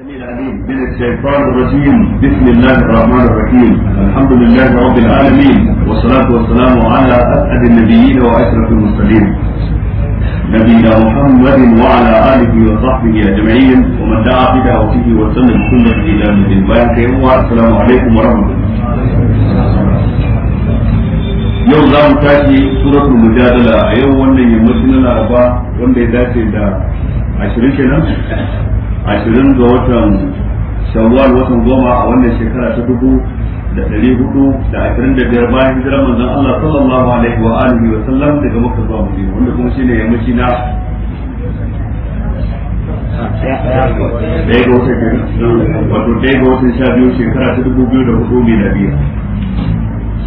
من الشيطان الرجيم بسم الله الرحمن الرحيم الحمد لله رب العالمين والصلاة والسلام على أسعد النبيين وأشرف المرسلين نبينا محمد وعلى آله وصحبه أجمعين ومن دعا بدعوته وسلم سنة إلى مدينه الدين السلام عليكم ورحمة الله yau za mu tashi suratul mujadala a yau wannan yammacin laraba wanda ya dace da ashirin kenan ashirin ga watan shawwal watan goma a wannan shekara ta dubu da ɗari hudu da ashirin da biyar bayan hijirar manzon Allah sallallahu alaihi wa alihi wa sallam daga Makka zuwa Madina wanda kuma shine yammaci na ɗaya wato ɗaya ga watan sha biyu shekara ta dubu biyu da hudu miladiya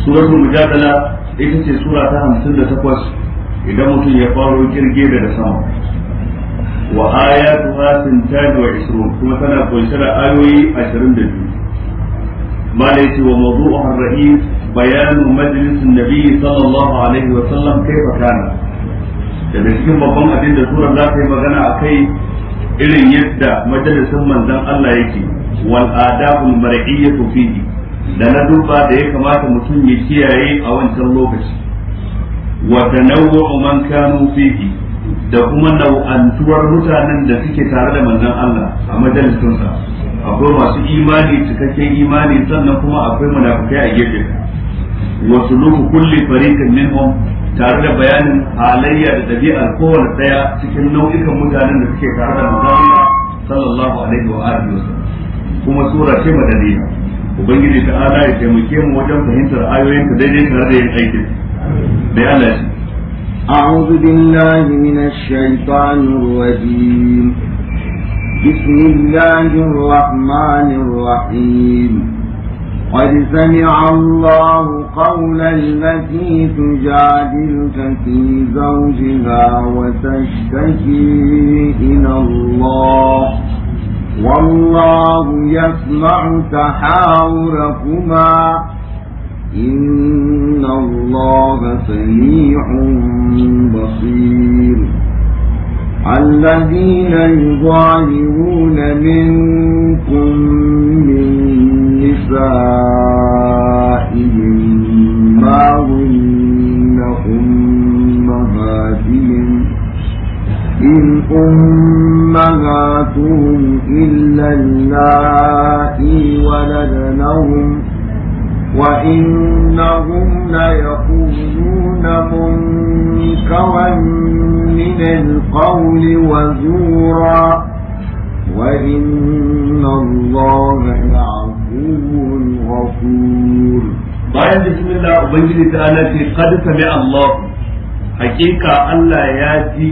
suratul mujadala ita ce sura ta hamsin da takwas idan mutum ya faro kirge da sama wa ayatuha sintan wa ishrun kuma tana kunshe da ayoyi 22 malai ce wa mawdu'uha ar-ra'is bayanu majlisin nabi sallallahu alaihi wa sallam kaifa kana daga cikin babban abin da sura za ta yi magana akai irin yadda majalisin manzon Allah yake wal adabul mar'iyyatu fihi da na dubba da ya kamata mutum ya kiyaye a wancan lokaci wa tanawwu man kanu fihi da kuma nau'antuwar mutanen da suke tare da manzon Allah a majalisunsa akwai masu imani cikakken imani sannan kuma akwai munafikai a gefe Wasu suluku kulli fariqin minhum tare da bayanin halayya da dabi'ar kowane daya cikin nau'ikan mutanen da suke tare da manzon Allah sallallahu alaihi wa alihi kuma sura ce madaniya ubangiji ta ala ya taimake mu wajen fahimtar ayoyin ta daidai tare da yin aikin da أعوذ بالله من الشيطان الرجيم بسم الله الرحمن الرحيم قد سمع الله قول التي تجادلك في زوجها وتشتكي إلى الله والله يسمع تحاوركما إن الله سميع بصير الذين يظاهرون منكم من نسائهم ما هن أمهاتهم إن أمهاتهم إلا الله ولدنهم وإنهم ليقولون منكرا من القول وزورا وإن الله لعفو غفور bayan bismillah ubangiji ta ala ce qad sami'a Allah hakika Allah ya ji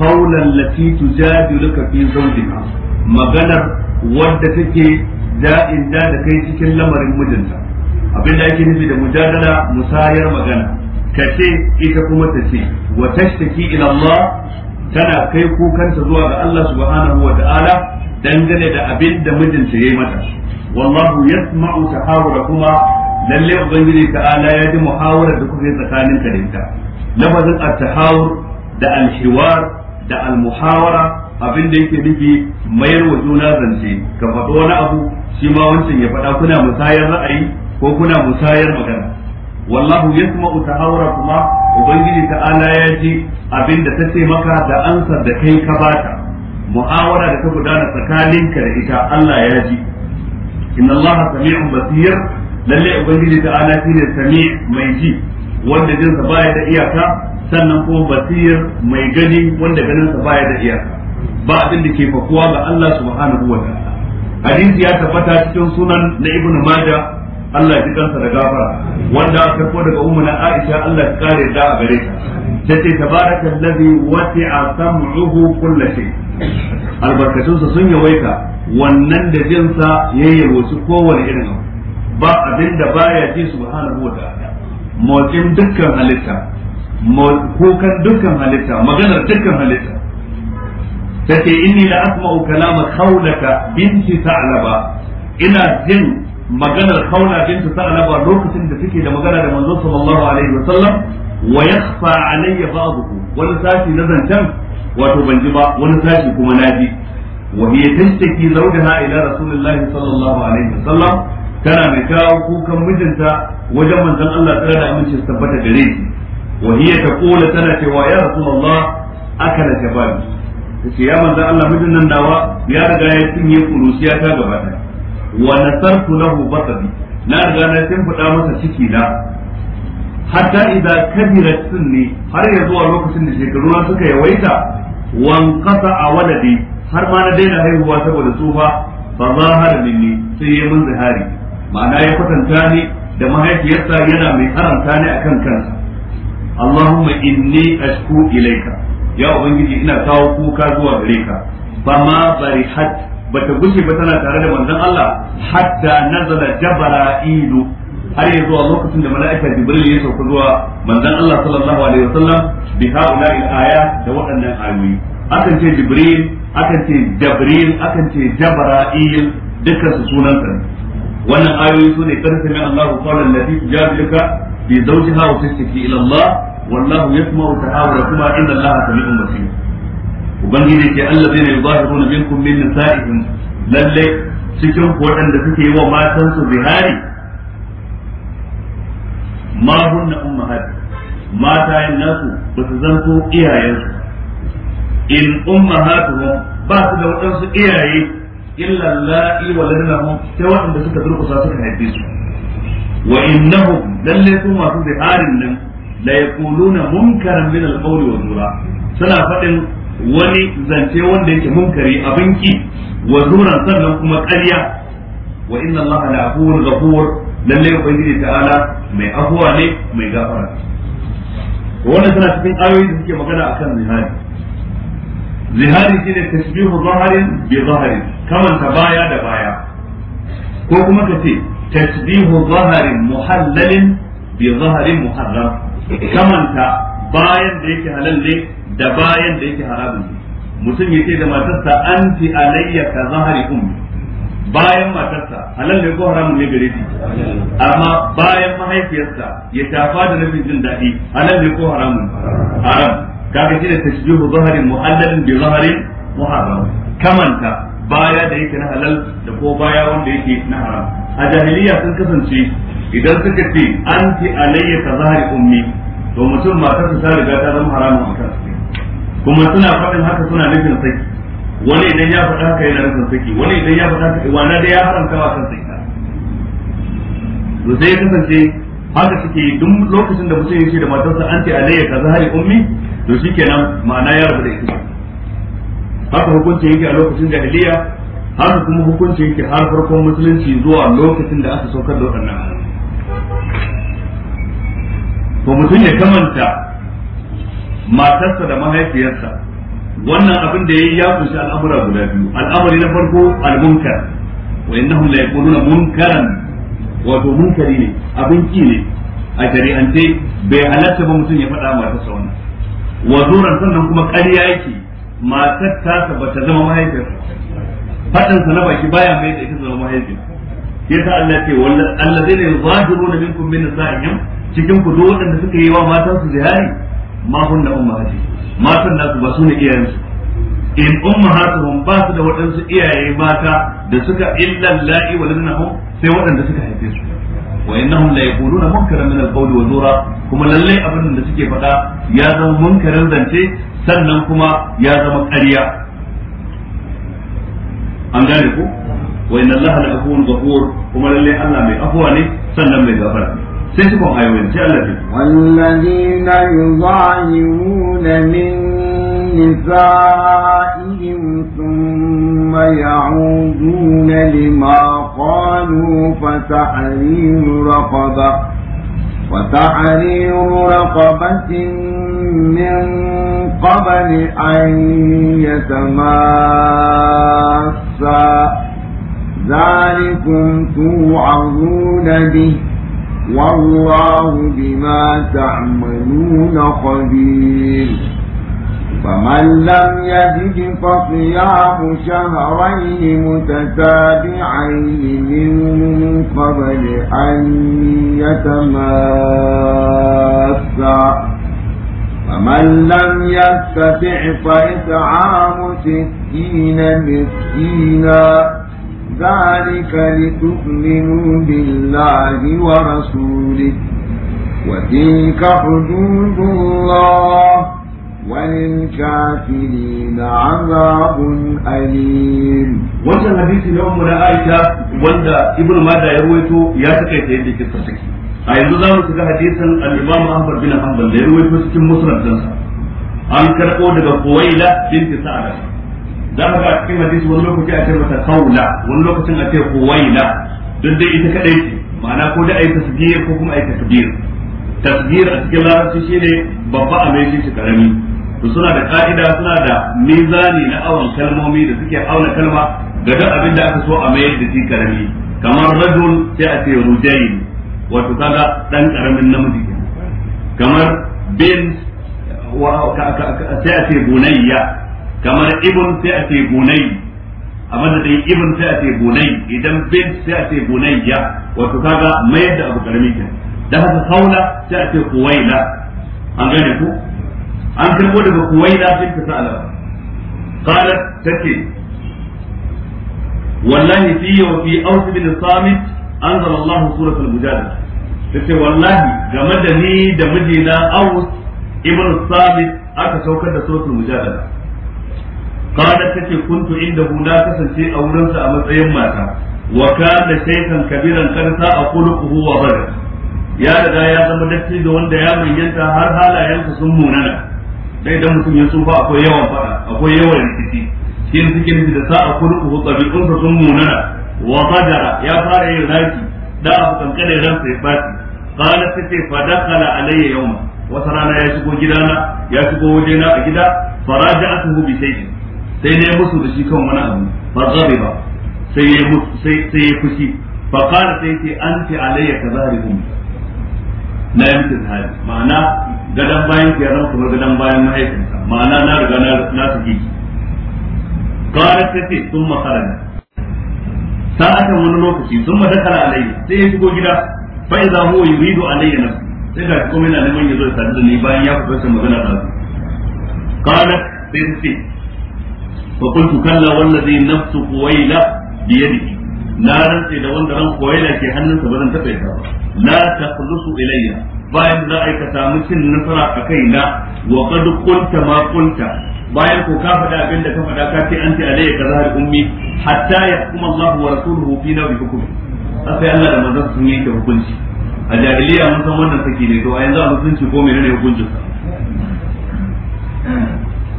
qawlan lati tujadiluka fi zawjiha maganar wadda take da'in da kai cikin lamarin mijinta abin da ake nufi da mujadala musayar magana ka ce ita kuma ta ce wa tashtaki ila Allah tana kai kukanta zuwa ga Allah subhanahu wa ta'ala dangane da abin da mijinta yayi mata wallahu yasma'u tahawurakuma lalle ubangiji ta'ala ya ji muhawarar da kuka yi tsakanin ka da lafazin at-tahawur da al-hiwar da al-muhawara abin da yake nufi mayar wa juna zance ka faɗo wani abu shi ma wancan ya faɗa kuna musayar ra'ayi ko kuna musayar magana wallahu yasma'u kuma ubangiji ta'ala ya ji abinda ta ce maka da ansar da kai ka bata muhawara da ta gudana tsakaninka da ita Allah ya ji inna Allah sami'un basir lalle ubangiji ta'ala shine sami' mai ji wanda jinsa baya da iyaka sannan kuma basir mai gani wanda ganinsa baya da iyaka ba abin da ke fakuwa ga Allah subhanahu wa ta'ala hadisi ya tabbata cikin sunan na ibnu majah Allah ya kansa da gafara wanda aka karbo daga ummu na Aisha Allah ya kare da a gare ta tace tabarakallazi wasi'a sam'uhu kullu shay albarkatunsa sun yawaita wannan da jinsa yayin wasu kowane irin abu ba abin da baya ji subhanahu wata'ala motsin dukkan halitta kukan dukkan halitta maganar dukkan halitta tace inni la asma'u kalama khawlaka binti sa'laba ina jin maganar kaula Binta sa'ala ba lokacin da suke da magana da manzon sallallahu alaihi wasallam wa yakhfa alayya ba'dhu wani sashi na zancan wato ban ji ba wani sashi kuma naji wa hiya tashtaki zawjaha ila rasulillahi sallallahu alaihi wasallam tana mai kawo kukan mijinta wajen manzon Allah tsara da aminci su tabbata gare shi wa hiya taqulu tana cewa ya rasulullah akala jababi tace ya manzon Allah mijin nan nawa ya riga ya cinye ta gaba ɗaya wa nasartu lahu basadi na riga na shimfiɗa masa ciki na hatta idza kabirat sunni har ya zuwa lokacin da shekaru na suka yawaita wan qata a waladi har ma na daina haihuwa saboda tsufa fa zahara minni sai ya mun zahari ma'ana ya kwatanta ni da mahaifiyarsa yana mai haramta ni akan kansa Allahumma inni ashku ilaika ya ubangiji ina kawo kuka zuwa gare ka bari barihat bata gushe ba tana tare da manzon Allah hatta nazala jabra'ilu har ya zuwa lokacin da mala'ika jibril ya sauka zuwa manzon Allah sallallahu alaihi wasallam bi haula'i aya da waɗannan ayoyi akan ce jibril akan ce jabril akan ce jabra'il dukkan su sunan sa wannan ayoyi su ne karfe mai Allah qawlan lati jabrika bi zawjiha wa tashtaki ila Allah wallahu yasma'u tahawurakum inna Allah sami'un basir ubangiji ce allazina yuzahiruna minkum min nisa'ihim lalle cikin waɗanda suke yi wa matansu zihari ma hunna ummahat mata yin nasu ba su zanto iyayensu in ummahatuhum ba su da waɗansu iyaye illa la'i wa waladnahum sai waɗanda suka durkusa suka haife su wa innahum lalle su masu ziharin nan la yaquluna munkaran min al-qawli wa zura suna faɗin wani zance wanda yake munkari abin ki wa zuran sannan kuma ƙarya wa inna allaha la afuwur ghafur lalle ubangiji ta'ala mai afuwa ne mai gafara wannan tana cikin ayoyi da suke magana akan zihari zihari shine tashbihu zaharin bi zaharin kamanta baya da baya ko kuma kace tashbihu zaharin muhallalin bi zaharin muharram kamanta bayan da yake halal ne da bayan da yake haramun mutum ya ce da matarsa anti alayya ka zahari kun bayan matarsa halal ne ko haramun ne gare shi amma bayan mahaifiyarsa ya tafa da nufin jin daɗi halal ne ko haramun haram kaga shi da tashbihu zaharin muhallalin bi zaharin muharram kamanta baya da yake na halal da ko baya wanda yake na haram a jahiliya sun kasance idan suka ce anti alayya ka zahari ummi to mutum matarsa ta riga ta zama haramun a kansa kuma suna faɗin haka suna nufin saki wani idan ya faɗa haka yana nufin saki wani idan ya faɗa haka wani da ya haramta wa kan saki to sai ya kasance haka suke duk lokacin da mutum ya ce da matarsa an ce alayya kaza hari ummi to shikenan ma'ana ya rabu da ita haka hukunci yake a lokacin jahiliya haka kuma hukunci yake har farkon musulunci zuwa lokacin da aka saukar da waɗannan to mutum ya kamanta matarsa da mahaifiyarsa wannan abin da yayi ya kunshi al'amura guda biyu al'amari na farko al-munkar wa innahum la yaquluna munkaran wato munkari ne abin ki ne a shari'ance bai halatta ba mutum ya faɗa matarsa wannan wazuran sannan kuma ƙarya yake matar tasa bata zama mahaifiyarsa faɗansa na baki baya mai da ita zama Ya yasa Allah ce wallahi allazina yuzahiruna minkum min nisa'ihim cikin ku duk wanda suka yi wa matansu zihari ma hunna ummahati matan nasu ba su ne iyayen su in ummahatuhum ba su da waɗansu iyaye mata da suka illal la'i waladnahum sai waɗanda suka haife su wa innahum la yaquluna munkaran min al-qawl wa zura kuma lalle abin da suke faɗa ya zama munkarin zance sannan kuma ya zama ƙarya an gane ku wa inna allaha la yaqulu ghafur kuma lalle Allah mai afuwa ne sannan mai gafara sai su kon ayoyin sai Allah ce wallazina yuzahiruna min nisa'ihim thumma ya'uduna lima qalu fatahriru raqaba وتحرير رقبة من قبل أن يتماسا ذلكم توعظون به والله بما تعملون خبير فمن لم يجد فصيام شهرين متتابعين من قبل أن يتماسا فمن لم يستطع فإطعام ستين مسكينا ذلك لتؤمنوا بالله ورسوله وتلك حدود الله وللكافرين عذاب أليم wannan hadisi na ummu na Aisha wanda Ibn Majah ya ruwaito ya takaita yadda kissa take a yanzu za mu shiga hadisin al-Imam bin Hanbal da ya ruwaito cikin musnad dinsa an karɓo daga Kuwaila binti Sa'ad za ka ga a cikin hadisi wani lokaci a ce mata kaula wani lokacin a ce huwaila duk dai ita kadai ce ma'ana ko da ai tasbir ko kuma ai takbir tasbir a cikin larabci shine babba a mai shi karami to suna da ka'ida suna da mizani na awon kalmomi da suke auna kalma ga duk abin da aka so a mayar da shi karami kamar rajul sai a ce rujain wato kaga dan karamin namiji kamar bin sai a ce bunayya kamar ibn sai a ce gunai a madadin ibn sai a ce gunai idan bin sai a ce gunayya wato kaga mayar da abu karami ke da haka haula sai a ce kuwaila an gane ku an karbo daga kuwaila sai ta sa alawa qalat take wallahi fi wa fi aus bin samit anzala Allah surat al-mujadala tace wallahi game da ni da mijina aus ibn samit aka saukar da suratul mujadala qalat take kuntu inda na kasance a wurin sa a matsayin mata wa kana shaykhan kabiran karsa a quluhu wa badar ya riga ya zama da wanda ya manyanta har halayensa sun munana dai dan mutum ya tsufa akwai yawan fada akwai yawan rikici kin cikin da sa a quluhu tabi'un sun munana wa badara ya fara yin raki da a kankare ransa ya fati qalat tace fa kala alayya yawma wata rana ya shigo gidana ya shigo wajena a gida faraja'atuhu bi shay'in sai ne musu da shi kan wani abu ba zabe ba sai ya sai sai ya fushi fa qala sai ce anti alayya kazalikum na yi ta hali ma'ana gadon bayan ki yaran kuma gadon bayan mahaifinka ma'ana na riga na su ki qala sai ce sun makarana sa'atan wani lokaci sun madakala alayya sai ya shigo gida fa idza huwa yuridu alayya nafsi sai ga kuma yana neman ya zo da sadu da ni bayan ya fita magana da su qala sai ce fa qultu kalla wallazi nafsu quwayla bi yadihi na rantse da wanda ran kuwaila ke hannunsa ba zan taɓa yadda ba la bayan za a yi ka samu cin nasara a kaina wa qad qulta ma qulta bayan ko ka faɗa abin da ka faɗa ka ce anti alayya ka zahar ummi hatta yahkum Allah wa rasuluhu fi nabi hukmi sai da sun hukunci a jahiliya mun san wannan saki ne to a yanzu a musulunci ko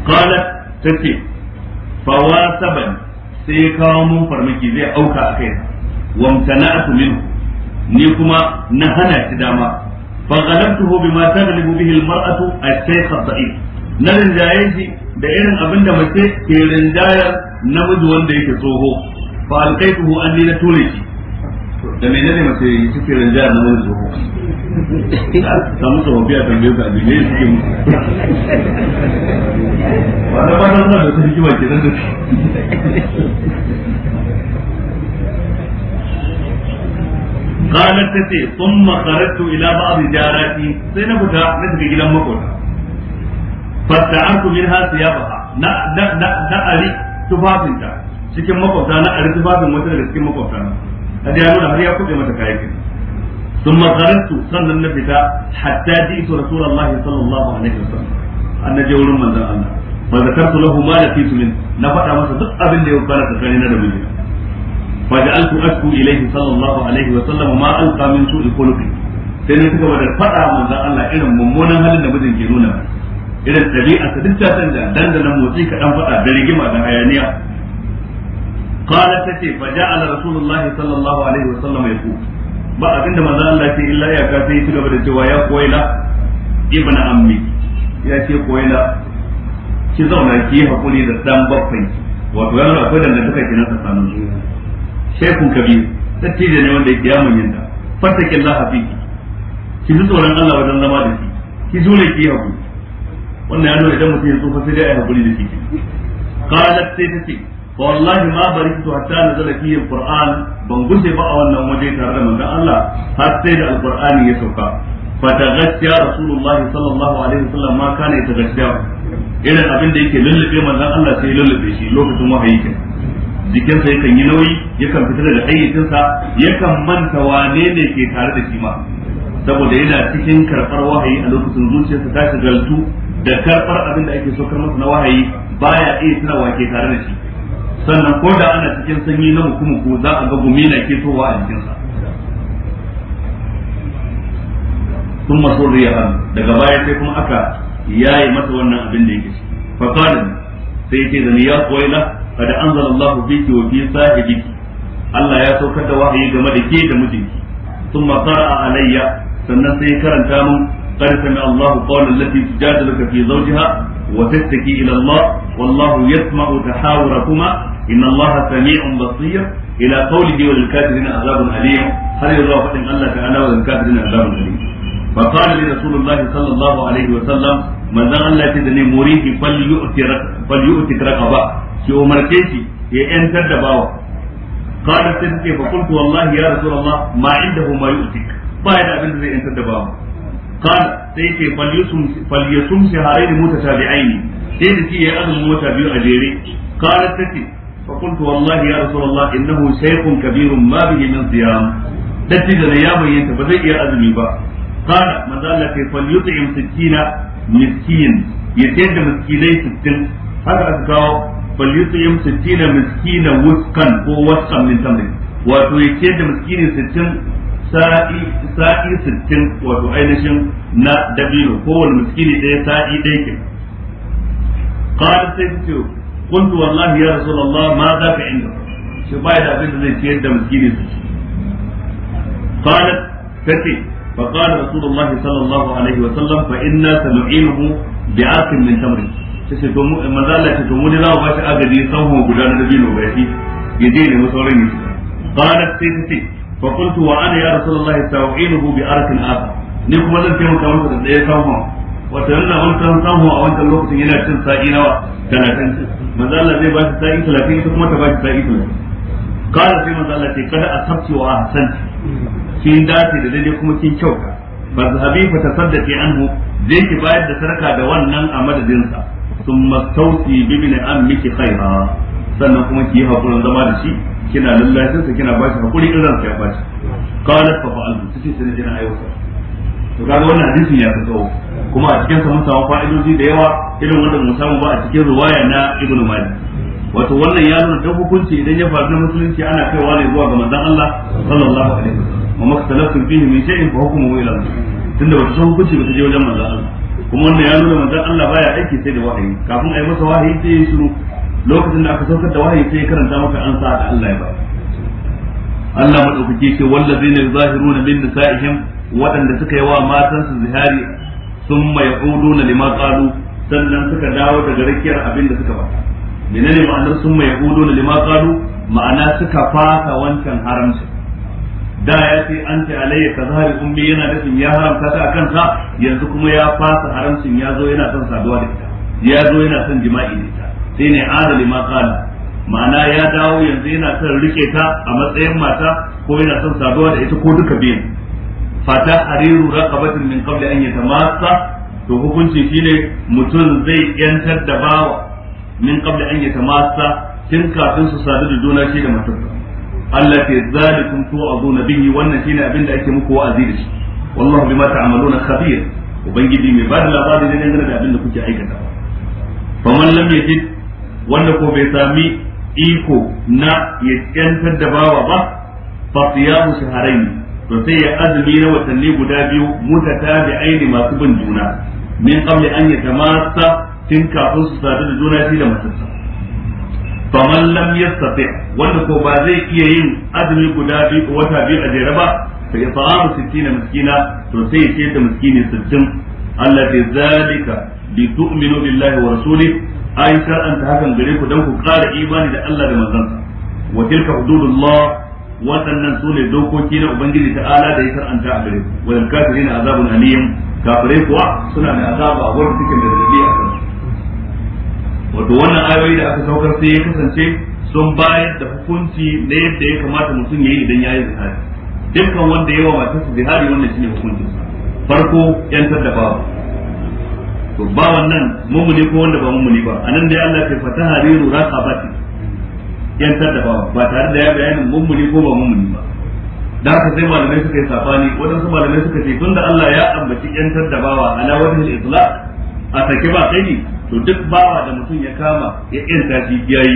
قالت تتي fa wasaban sai ya kawo mun farmaki zai auka a kai wa mtana'atu minhu ni kuma na hana shi dama fa ghalabtuhu bima taghlibu bihi almar'atu ash-shaykh ad-da'if na rinjaye shi da irin abin da mace ke rinjayar namiji wanda yake tsoho fa alqaituhu anni na da nane mace yi suke a na wani tsoho ta musu hobi a tambaye ka abin ne suke musu ba na ba da su kiwa ke nan قالت تتي ثم خرجت إلى بعض جاراتي سينبتا نتبي إلى مكونا فاستعرت منها ثيابها نأري تفافنتا cikin makwabta na a tufafin wata daga cikin makwabta kada ya nuna har ya kuje mata kayan kiri sun makarantu sannan na fita hatta ji su rasulullah sallallahu alaihi wasallam an je wurin manzon Allah fa zakartu lahu ma la fitu min na faɗa masa duk abin da ya kana tsakani na da mijina fa ja'altu asku ilayhi sallallahu alaihi wasallam ma alqa min su'i khuluqi sai na kuma da faɗa manzon Allah irin mummunan halin da mijin ke nuna irin ɗabi'a ta duk ta sanda dandanan motsi kaɗan faɗa da rigima da hayaniya قالت تتي فجعل رسول الله صلى الله عليه وسلم يقول ba abinda manzo Allah ce illa ya ka sai cigaba da cewa ya koyla ibn ammi ya ce koyla ki zauna ki yi hakuri da dan babban wato yana akwai dangantaka kenan tsakanin su shaykhun kabir da ne wanda yake yamun yinda fattakin Allah fiki ki ji tsoron Allah wajen zama da shi ki jure ki hakuri wannan ya nuna idan mutum ya tsufa sai dai ai hakuri da shi qalat sai ta fa wallahi ma baritu hatta nazala fihi alquran ban gushe ba a wannan waje tare da manzon Allah har sai da alqur'ani ya sauka fa tagashya rasulullah sallallahu alaihi wasallam ma kana tagashya Idan abin da yake lullube manzon Allah sai lullube shi lokacin wahayi kenan jikinsa yakan yi nauyi yakan fitar da hayyacinsa yakan manta wane ne ke tare da shi ma saboda yana cikin karɓar wahayi a lokacin zuciyarsa ta shigaltu da karɓar abin da ake so masa na wahayi baya iya tunawa ke tare da shi sannan ko da ana cikin sanyi na hukumu ko za a ga gumi na ke towa a jikinsa sun maso riya daga baya sai kuma aka yaye masa wannan abin da yake fa qala sai yake zani ya qaila qad anzala Allahu biki wa fi sahibiki Allah ya saukar da wahayi game da ke da mijinki sun qara'a alayya sannan sai karanta mun قد سمع الله قول التي تجادلك في زوجها وتشتكي إلى الله والله يسمع تحاوركما inna allaha sami'un basir ila qawlihi wal kafirin azabun alim har yanzu fadin Allah ta'ala wal kafirin azabun alim fa qala li sallallahu alaihi wa sallam manzon Allah ce da ne muridi fal yu'ti fal yu'ti raqaba ki umarce shi ya yantar da bawa qala sai ce fa qultu wallahi ya rasulullah ma indahu ma yu'tik ba ya abin da zai yantar da bawa sai fal sai da shi ya azumi wata biyu a jere فقلت والله يا رسول الله انه شيخ كبير ما به من صيام دتي ya bayyanta ba zai iya azumi ba qala manzo Allah kai 60 ya tayar miskinai 60 haka aka kawo fal yut'im 60 miskina wuskan ko waskan min wato ya 60 sa'i sa'i wato ainihin na dabino kowane miskini ɗaya sa'i ɗaya ke qala sai ce qultu wallahi ya rasulullah ma za inda shi bai da abin da zai ciyar da miskini su qalat tace fa qala ana ya yana a manzo Allah zai ba shi sa'i 30 ita kuma ta ba shi sa'i 30 kala sai manzo Allah ce kada a sabci wa hasan kin dace da daidai kuma kin kyauta za zahabi fa tasaddaqi anhu zai ki bayar da sarka da wannan a madadin sa thumma tawsi bi min miki khaira sannan kuma ki yi hakurin zama da shi kina lallashin sa kina ba shi hakuri irin sa ya ba shi qalat fa fa'altu sai sai na ayyuka to kaga wannan hadisin ya tsawo kuma a cikin sa mun samu fa'idoji da yawa irin wanda mun samu ba a cikin riwaya na Ibn mali. wato wannan ya nuna dan hukunci idan ya faru na musulunci ana kaiwa ne zuwa ga manzon Allah sallallahu alaihi wasallam amma makhtalaftum bihi min shay'in fa hukmuhu ila Allah tunda wata san hukunci ba ta je wajen manzon Allah kuma wannan ya nuna manzon Allah baya aiki sai da wahayi kafin a yi masa wahayi sai ya shiru lokacin da aka saukar da wahayi sai ya karanta maka an sa da Allah ya ba Allah madaukake ce wallazina yuzahiruna min nisaihim waɗanda suka yi wa matansu zihari sun mai hudu na lima kalu sannan suka dawo daga rakiyar abin da suka bata menene ma'anar sun mai hudu na lima kalu ma'ana suka fasa wancan haramcin da ya ce an ce alayya ka zahari ummi yana dafin ya haramta ta a kansa yanzu kuma ya fasa haramcin ya zo yana son saduwa da ita ya zo yana son jima'i da ita sai ne ara lima kalu ma'ana ya dawo yanzu yana son rike ta a matsayin mata ko yana son saduwa da ita ko duka biyu fata hariru raqabatin min qabli an yatamassa to hukunci shine mutum zai yantar da bawa min qabli an yatamassa tun kafin su sadu da juna shi da mutum Allah ke zalikum tu'azuna bihi wannan shine abinda ake muku wa'azi da shi wallahu bima ta'maluna khabir ubangiji mai bada labari ne dangane da abin da kuke aikata faman lam yajid wanda ko bai sami iko na ya yantar da bawa ba fa siyamu shahrayn to sai ya azumi na watanni guda biyu aini masu bin juna min qabli an yatamassa tun kafin su sadu da juna shi da matarsa faman lam yastati wanda ko ba zai iya yin azumi guda biyu wata biyu a jere ba fa ya ta'amu sittina miskina to sai ya ce da miskini sittin Allah ta zalika bi tu'minu billahi wa rasuli ai shar'anta hakan gare ku dan ku ƙara imani da Allah da manzansa wa tilka hududullah waɗannan su ne dokoki na ubangiji Ala da ya sar'anta a gare wajen kafirin azabun aliyim kafirai kuwa suna da azaba wanda cikin da rabi a kan wato wannan ayoyi da aka saukar sai ya kasance sun bayar da hukunci na yadda ya kamata mutum ya yi idan ya yi zihari dukkan wanda ya wa matarsa zihari wannan shine hukuncin farko yantar da babu to ba wannan mumuni ko wanda ba mumuni ba anan dai Allah ke fata hariru raqabati yantar da bawa ba tare da ya bayani mummuni ko ba mummuni ba dan haka sai malamai suka yi safani waɗansu malamai suka ce tunda Allah ya ambaci yantar da bawa ala wajhil itlaq a sake ba kai to duk bawa da mutum ya kama ya yanta shi yayi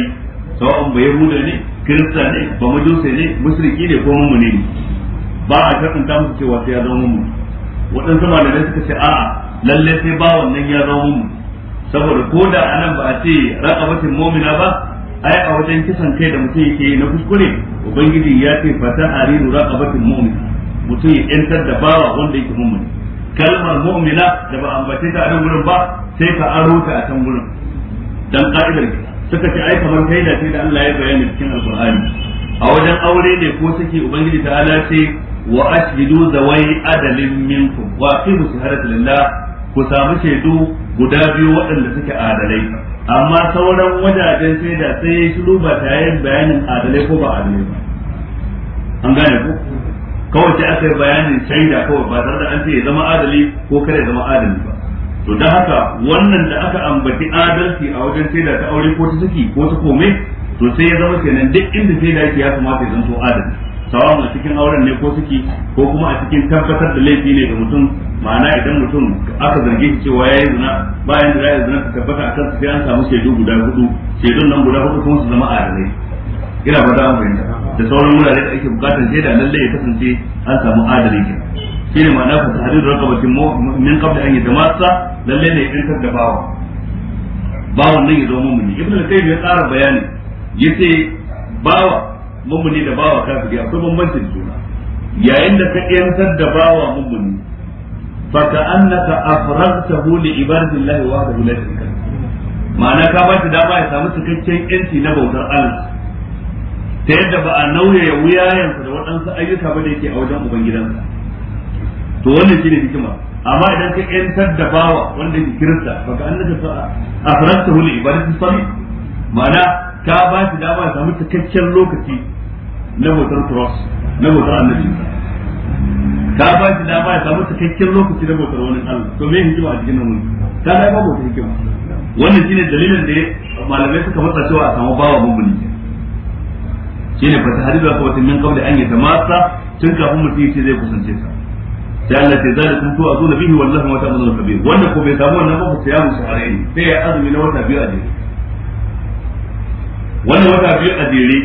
sawa'un ba huda ne kirista ne ba jose ne musulki ne ko mummuni ne ba a karanta musu cewa sai ya zama mummuni waɗansu malamai suka ce a'a lalle sai bawan nan ya zama mummuni saboda ko da anan ba a ce raqabatin mu'mina ba ai a wajen kisan kai da mutum yake na kuskure ubangiji ya ce fata arinu raqabatin mu'min mutum ya yantar da bawa wanda yake mu'min kalmar mu'mina da ba ambace ta a nan gurin ba sai ka aro ta a can gurin dan ka'idar suka ce ai kamar kai da ce da Allah ya bayyana cikin alqur'ani a wajen aure ne ko saki ubangiji ta ala ce wa ashhidu zawai adalin minkum wa aqimu shahadata lillah ku samu shaidu guda biyu waɗanda suke adalai amma sauran wajajen sai da sai ya shiru ba tare bayanin adalai ko ba adalai ba an gane ku. kawai sai aka yi bayanin shaida kawai ba tare da an ce ya zama adali ko kada ya zama adali ba to dan haka wannan da aka ambaci adalci a wajen shaida ta aure ko ta saki ko ta kome to sai ya zama kenan duk inda shaida yake ya kamata ya zanto adali tawamu a cikin auren ne ko suke ko kuma a cikin tabbatar da laifi ne ga mutum ma'ana idan mutum aka zarge shi cewa yayi zina bayan da yayi zina ta tabbata a kansa sai an samu shaidu guda hudu shaidun nan guda hudu kuma su zama adalai ina ba za mu fahimta da sauran wurare da ake bukatar shaida lalle ya kasance an samu adalai shi shine ma'ana da tahdidu raqabatin min kafin an yatamassa lalle ne idan da bawa bawan nan ya zama ne ibnu al-qayyim ya tsara bayani yace bawa mummuni da bawa kafiri akwai bambancin juna yayin da ka yantar da bawa mummuni fa ka annaka afragtahu li ibadillahi wa la sharika ma'ana ka ba shi dama ya samu cikakken yanci na bautar Allah ta yadda ba a nauyaya wuyayensa da waɗansu ayyuka ba da yake a wajen ubangidansa to wannan shine hikima amma idan ka yantar da bawa wanda ke kirista ka annaka afrasta hu li ibadati sami ma'ana ka ba shi dama ya samu cikakken lokaci na hotar cross na hotar annabi ka ba shi dama ya samu cikakken lokaci na hotar wani Allah to me hikima a cikin nan ta da ba hotar hikima wannan shine dalilin da malamai suka fasa cewa a samu bawa mummuni shine fa tahdidu ka wata min qabla an yatamassa tun kafin mutum ya ce zai kusance ta sai Allah ta zalika kun tuwa zuwa bihi wallahi wa ta'ala kabir Wannan ko bai samu wannan ba ku siya mu shahrayn sai ya azumi na wata biyu a jere wannan wata biyu a jere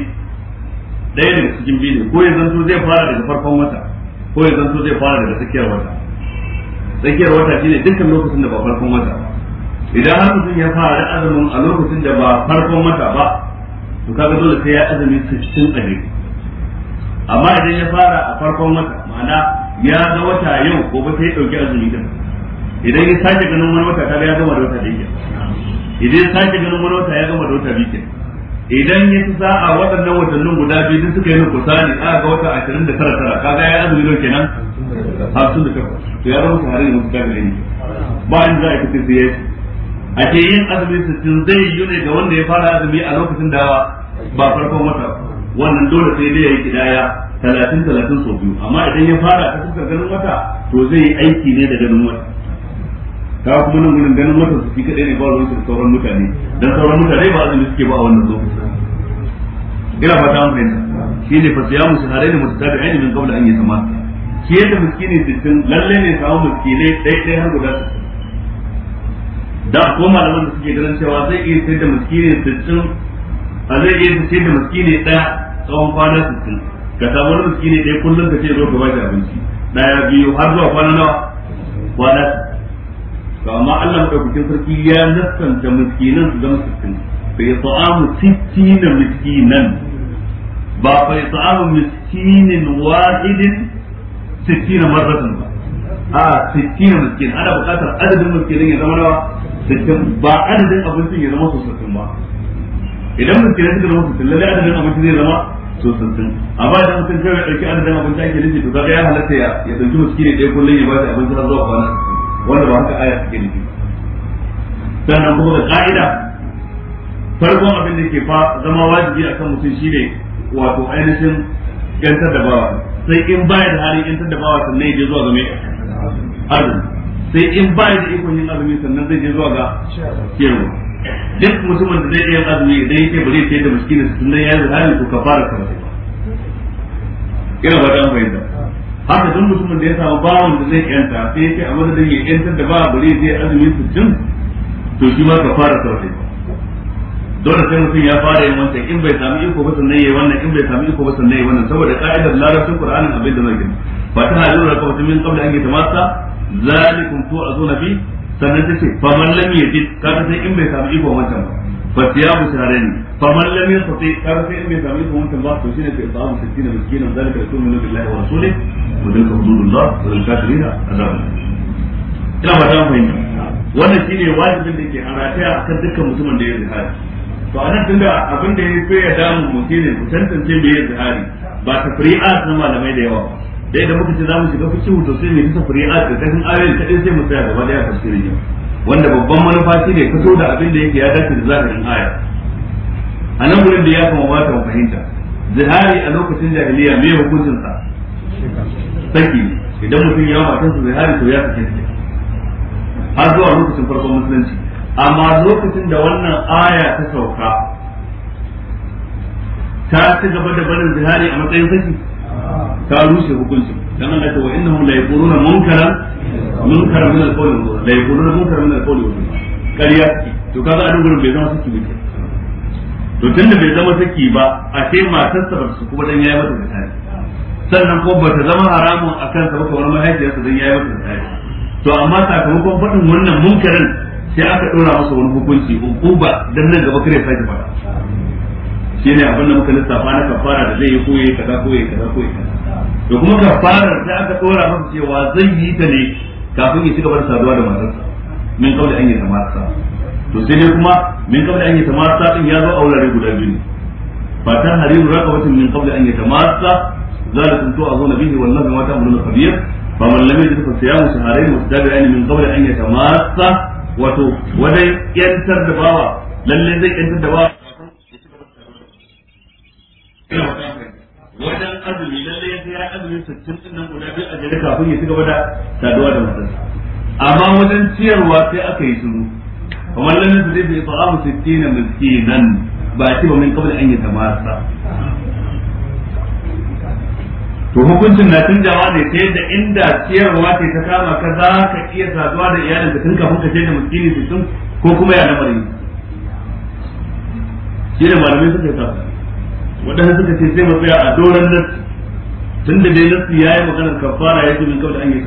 ɗaya daga cikin biyu ne ko ya zanto zai fara daga farkon wata ko ya zanto zai fara daga tsakiyar wata tsakiyar wata shine dukkan lokacin da ba farkon wata idan har mutum ya fara da azumin a lokacin da ba farkon wata ba to kaga dole sai ya azumi sittin a jere amma idan ya fara a farkon wata ma'ana ya ga wata yau gobe sai ya dauki azumi din idan ya sake ganin wani wata kaga ya gama da wata da yake idan ya sake ganin wani wata ya gama da wata biyu idan ya ci sa'a waɗannan watannin guda biyu duk suka yi nuku sani aka ga wata ashirin da tara tara kaga ya azumi nau kenan hamsin da kafa to ya zama har mutu kafin ne ba in za a fi sai ya a ce yin azumi tun zai yi ne ga wanda ya fara azumi a lokacin da ba farkon wata wannan dole sai dai ya yi kidaya talatin talatin sau biyu amma idan ya fara ta fuskar ganin wata to zai yi aiki ne da ganin wata ka kuma nan gurin ganin masa su kaɗai ne ba wani su sauran mutane dan sauran mutane ba azumi suke ba a wannan lokaci ina fata an fahimta shine fa siyamu da aini min da an sama shi yadda miskini 60 lalle ne samu ne dai dai har guda su da ko malaman da suke ganin cewa zai iya sai da ne 60 a zai iya sai da ne daya tsawon kwana tun. ka samu wani ne dai kullum ka ce zo ka shi abinci ɗaya biyu har zuwa kwana nawa kwana to amma Allah madaukakin sarki ya nassanta miskinan su zama sittin fa yata'amu sittina miskinan ba fa yata'amu miskinin wahidin sittina marratan ba a sittina miskin ana buƙatar adadin miskinan ya zama nawa sittin ba adadin abincin ya zama su sittin ba idan miskinan suka zama sittin lalle adadin abincin zai zama so sassan amma idan mutum kawai ya ɗauki adadin abinci ake nufi to kaga ya halatta ya ya ɗauki miskini ɗaya kullum ya ba shi abinci har zuwa kwana wanda ba haka aya take nufi sannan kuma da ka'ida farkon abin da ke fa zama wajibi akan mutum shine wato ainihin yantar da bawa sai in baya da hali yantar da bawa sannan ya je zuwa ga mai azumi sai in baya da ikon yin azumi sannan zai je zuwa ga kewa duk mutumin da zai iya azumi idan yake zai sai da miskinin sannan ya yi hali ko kafara kamar ina ba ta an fahimta haka duk mutumin da ya samu bawan da zai yanta sai yake a madadin ya yantar da ba bare zai azumi sittin to shi ma ka fara sauke dole sai mutum ya fara yin wancan in bai sami iko ba sannan yayi wannan in bai sami iko ba sannan yayi wannan saboda ka'idar larabcin qur'anin abin da zai ba ta hadu da kuma min qabla an tamasa zalikum tu'azuna bi sannan tace fa man lam yajid kaga sai in bai sami iko wancan ba ba siyamu ne faman lam yastati kar sai in bai sami su wancan ba to shine sai samu sakina miskina zalika rasulullahi billahi wa rasulih wa tilka hududullah wa lil kafirina azabun ina ba ta fahimta wajibin da ke a kan dukkan mutumin da ya zihari to a nan tunda abin da ya fi ya damu mu shine ku tantance me ya zihari ba tafri'at na malamai da yawa ba da idan muka ce za mu shiga fikihu to sai mu yi tafri'at da kafin ayoyin kadai sai mu tsaya gaba daya tafsirin yau wanda babban manufa shi ne fito da abin da yake ya dace da zahirin aya a nan wurin da ya kama mata mu fahimta zihari a lokacin jahiliya me hukuncin sa saki idan mutum ya mata su zihari to ya sake shi har zuwa lokacin farkon musulunci amma lokacin da wannan aya ta sauka ta ci gaba da barin zihari a matsayin saki ka rushe hukuncin dan Allah ta wa innahum la yaquluna munkara munkara min al-qawli la yaquluna munkara min al-qawli kariya to kaga a gurin bai zama saki ba to tunda bai zama saki ba a sai matar sa su kuma dan yayi mata zakari sannan ko ba ta zama haramun a akan sa ba kamar mahaifiyarsa dan yayi mata zakari to amma sakamakon faɗin wannan munkarin sai aka ɗora masa wani hukunci uba dan nan gaba kare sai ta fara shine abin da muka lissafa na kafara da zai yi koye kaza koyi kaza koyi kaza to kuma kafarar sai aka tsora masa cewa zai yi ta ne kafin ya ci gaba da saduwa da matarsa min kawai an yi tamarsa to sai dai kuma min kawai an yi tamarsa din ya zo a wurare guda biyu ba ta hariru raka wata min kawai an yi tamarsa zalikum to a zona bihi wallahi ma ta amruna kabir fa man lam yajid fa siyamu shahrayn mutabi'ain min kawai an yi tamarsa wato wadai yantar da bawa lalle zai yantar da bawa ina wajen azumi lalle ya sai ya azumi sittin din nan guda biyu a jere kafin ya ci gaba da saduwa da mutum amma wajen ciyarwa sai aka yi shiru kamar lalle su zai bai fa'amu nan, ba a ci ba min kawai an yi tamasa to hukuncin na canjawa ne ta yadda inda ciyarwa ce ta kama ka za ka iya saduwa da iyalinka tun kafin ka ce da ne sittin ko kuma ya lamarin shi da malamai suka yi wadanda suka ce sai ba tsaya a doron nassi da dai nassi yi maganar kafara ce min kawai an yi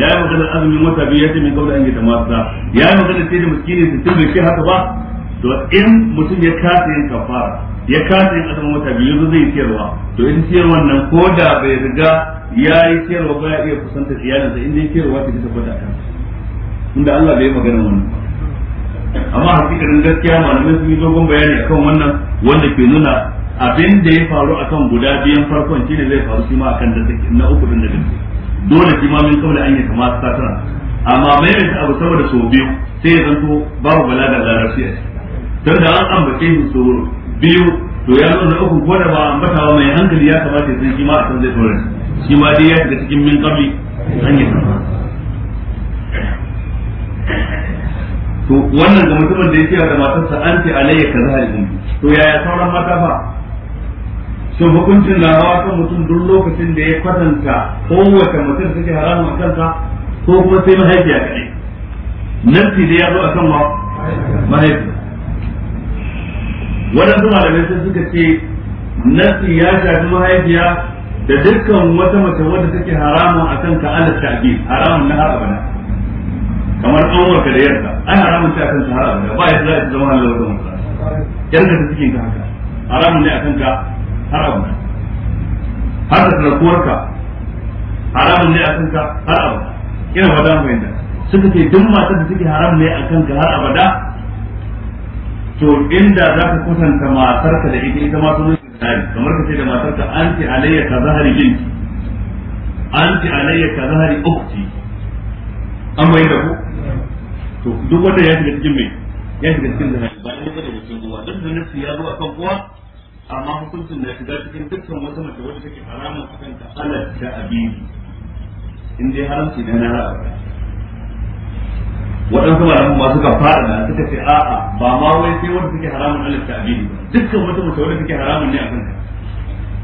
Ya yi maganar azumin wata biyu ya ce min kawai an yi Ya yi maganar sai da ne su tunda shi haka ba to in mutum ya kasa yin kafara ya kasa yin azumin wata biyu yanzu zai ciyarwa to in ciyarwan nan ko da bai riga ya yi ciyarwa ba ya iya kusanta sa in dai ciyarwa ta tabbata kan inda Allah bai yi maganar wannan amma hakikanin gaskiya malamai sun yi dogon bayani akan wannan wanda ke nuna abin da ya faru akan guda biyan farkon shine zai faru shi ma akan da na uku din da dole shi ma min kaula an yi kama ta tara amma mai da abu saboda so biyu sai ya zanto babu balaga larabci a tun da an ambace shi so biyu to ya zo na uku ko da ba ambata wa mai hankali ya kamata ya san shi ma a zai faru shi ma dai ya shiga cikin min kawai an yi kama to wannan ga mutumin da ya yake da matarsa an ce alayya kaza halin to yaya sauran mata fa shin hukuncin na rawa kan mutum duk lokacin da ya kwatanta kowace mutum take haramun a kanta ko kuma sai mahaifiya kaɗai nan da ya zo a kan wa mahaifiya waɗansu malamai sai suka ce nasi ya shafi mahaifiya da dukkan wata mace wadda take haramun a kan ka ala ta'bir haramun na har bana. kamar kanwar ka da yarka ai haramun ta kan ta har abada ba ya za ta zama halal da mutum yarka ta cikin ka haka haramun ne a kan ka har abada har da tsarkuwarka haramun ne a kanka har abada ina ba za mu yanda suka ce duk matar da suke haram ne a kanka har abada to inda za ka kusanta matarka da ita ita masu nufin zahari kamar ka ce da matarka an ce alayya ka zahari binti an ce alayya ka zahari ukti an bai da ku to duk wanda ya shiga cikin mai ya shiga cikin zahari ba ne ba da mutum ruwa duk da nafsi ya zo kan kuwa amma hukuncin da shiga cikin dukkan wata mace wadda take haramun cikin ta alal da abidi in dai haramci ne na haramci waɗansu malaman ma suka fara da suka ce a'a ba ma wai sai wanda take haramun alal da ba dukkan wata mace wadda take haramun ne a kanta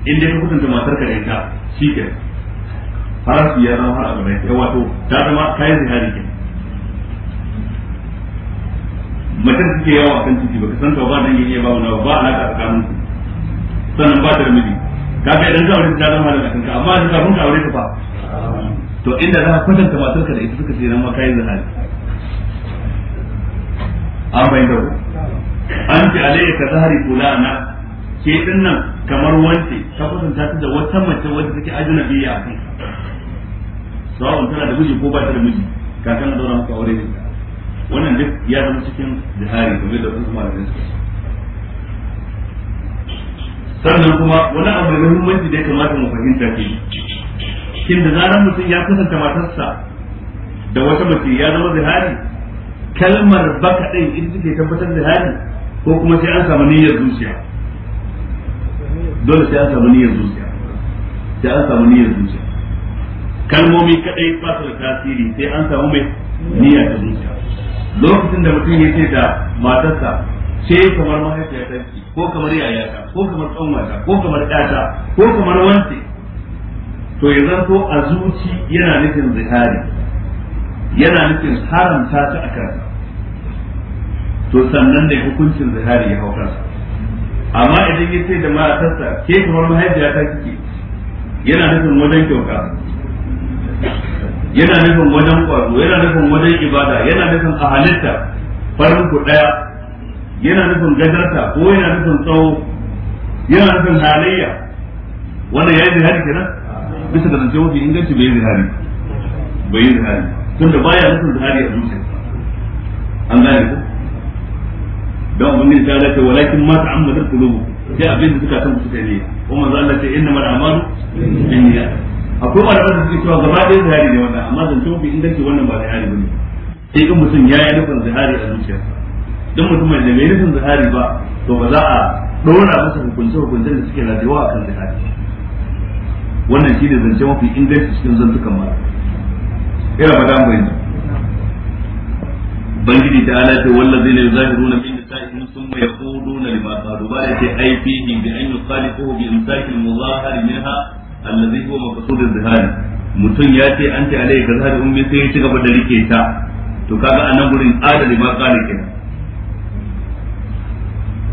in dai ka kusanta matar ka da ita shi ke haramci ya zama har abin da wato ta zama kayan zihari ke matar suke yawa kan titi ka san ta ba dangin iya ba wani ba alaka tsakanin su sannan ba ta da miji kaga idan ka aure ta zama da kanka amma idan kafin ka aure ta fa to inda za ka kwatanta matarka da ita suka ce nan ma kai zahari an bai da an ce alayya ka zahari fulana ke din nan kamar wance ka kwatanta ta da wata mace wadda take ajnabiya a kanka sawa'un tana da miji ko ba ta da miji Ka da daura maka aure ne wannan duk ya zama cikin jihari game da kuma da sannan kuma wani abu mai muhimmanci da ya kamata mu fahimta ke shin da zarar mutum ya kasanta matarsa da wata mace ya zama zihari kalmar baka ɗin ita take tabbatar da hali ko kuma sai an samu niyyar zuciya dole sai an samu niyyar zuciya sai an samu niyyar zuciya kalmomi kadai ba su da tasiri sai an samu mai niyya ta zuciya lokacin da mutum ya ce da matarsa sai kamar mahaifiyata ko kamar yayata ko kamar tsanwata ko kamar ɗata ko kamar wance to ya zanto a zuci yana nufin zihari yana nufin haramta ta a kansa to sannan da hukuncin zihari ya hau kansa amma idan ya ce da matarsa ke kamar ta kike yana nufin wajen kyauta yana nufin wajen kwazo yana nufin wajen ibada yana nufin a halitta farin ku yana nufin gajarta ko yana nufin tsawo yana nufin halayya wannan ya yi zihari kenan bisa ga zance mafi inganci bai yi zihari bai yi zihari tunda baya nufin zihari a zuciya an gane ko don abin da ya dace walakin ma ta'ammadar kulubu sai abin da suka san suka yi ko manzo Allah ce inna mal amalu binniyat akwai malaman da suke cewa gaba ɗaya zihari ne wannan amma zance mafi inganci wannan ba zihari bane sai in mutum ya yi nufin zihari a zuciyarsa duk mutumin da bai nufin zihari ba to ba za a dora masa hukunce hukuncen da suke rayuwa kan zihari wannan shi ne zance mafi inganci cikin zantukan mara ina ba dan bayyana bangiji ta ala ta zai ce wallazina yuzahiruna min nisa'ihim thumma yaquluna lima qalu ba ce ai fihi bi an yukhalifu bi imsaki al-muzahir minha alladhi maka su da zihari mutum ya ce an ce alayka zahari ummi sai ya ci gaba da rike ta to kaga anan gurin adali ma qali kenan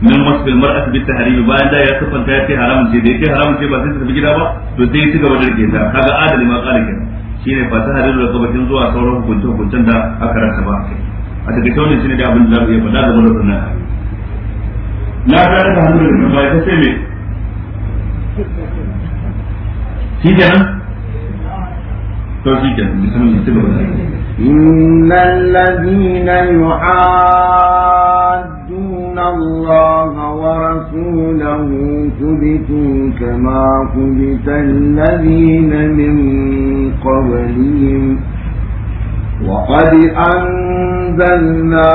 min masfil mar'ati bit tahrim bayan da ya sufanta ya ce haramun ce da ya haramun ce ba sai ta tafi gida ba to sai ci gaba da rike ta kaga adali ma kare kenan shine ba ta hariru da zuwa sauran hukunce hukuncen da aka rasa ba a daga taunin shine da abin da za faɗa game da sunan na ta da hannun ba ta sai me shi kenan to shi kenan أن الله ورسوله كبتوا كما كبت الذين من قبلهم وقد أنزلنا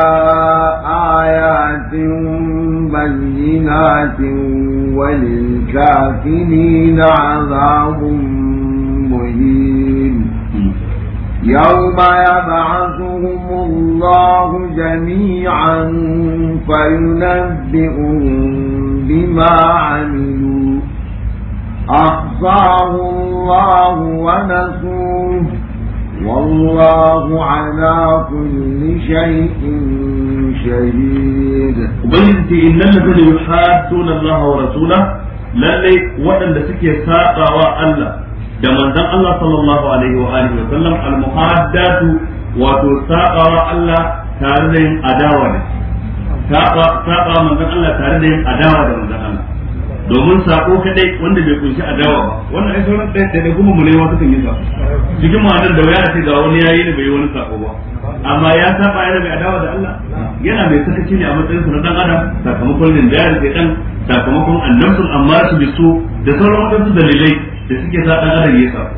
آيات بينات وللكافرين عذاب مهين يوم يبعثهم الله جميعا فينبئهم بما عملوا أحصاه الله ونسوه والله على كل شيء شهيد وبينتي إن الذين يحادون الله ورسوله للي وأن سكي ساقا الله da manzon Allah sallallahu alaihi wa alihi wa sallam al muhaddatu wato sabawa Allah tare da yin adawa ne saba saba manzon Allah tare da yin adawa da manzon Allah domin sako kadai wanda bai kunshi adawa ba wannan ai sauran ɗaya da kuma ne wasu kan yi sako cikin ma'anar da waya ce ga wani yayi da bai wani sako ba amma ya saba yana mai adawa da Allah yana mai sakaci ne a matsayin sa na dan adam sakamakon rinjayar sai dan sakamakon annabtul amma su bisu da sauran wadansu dalilai da suke sa dan adam ya sako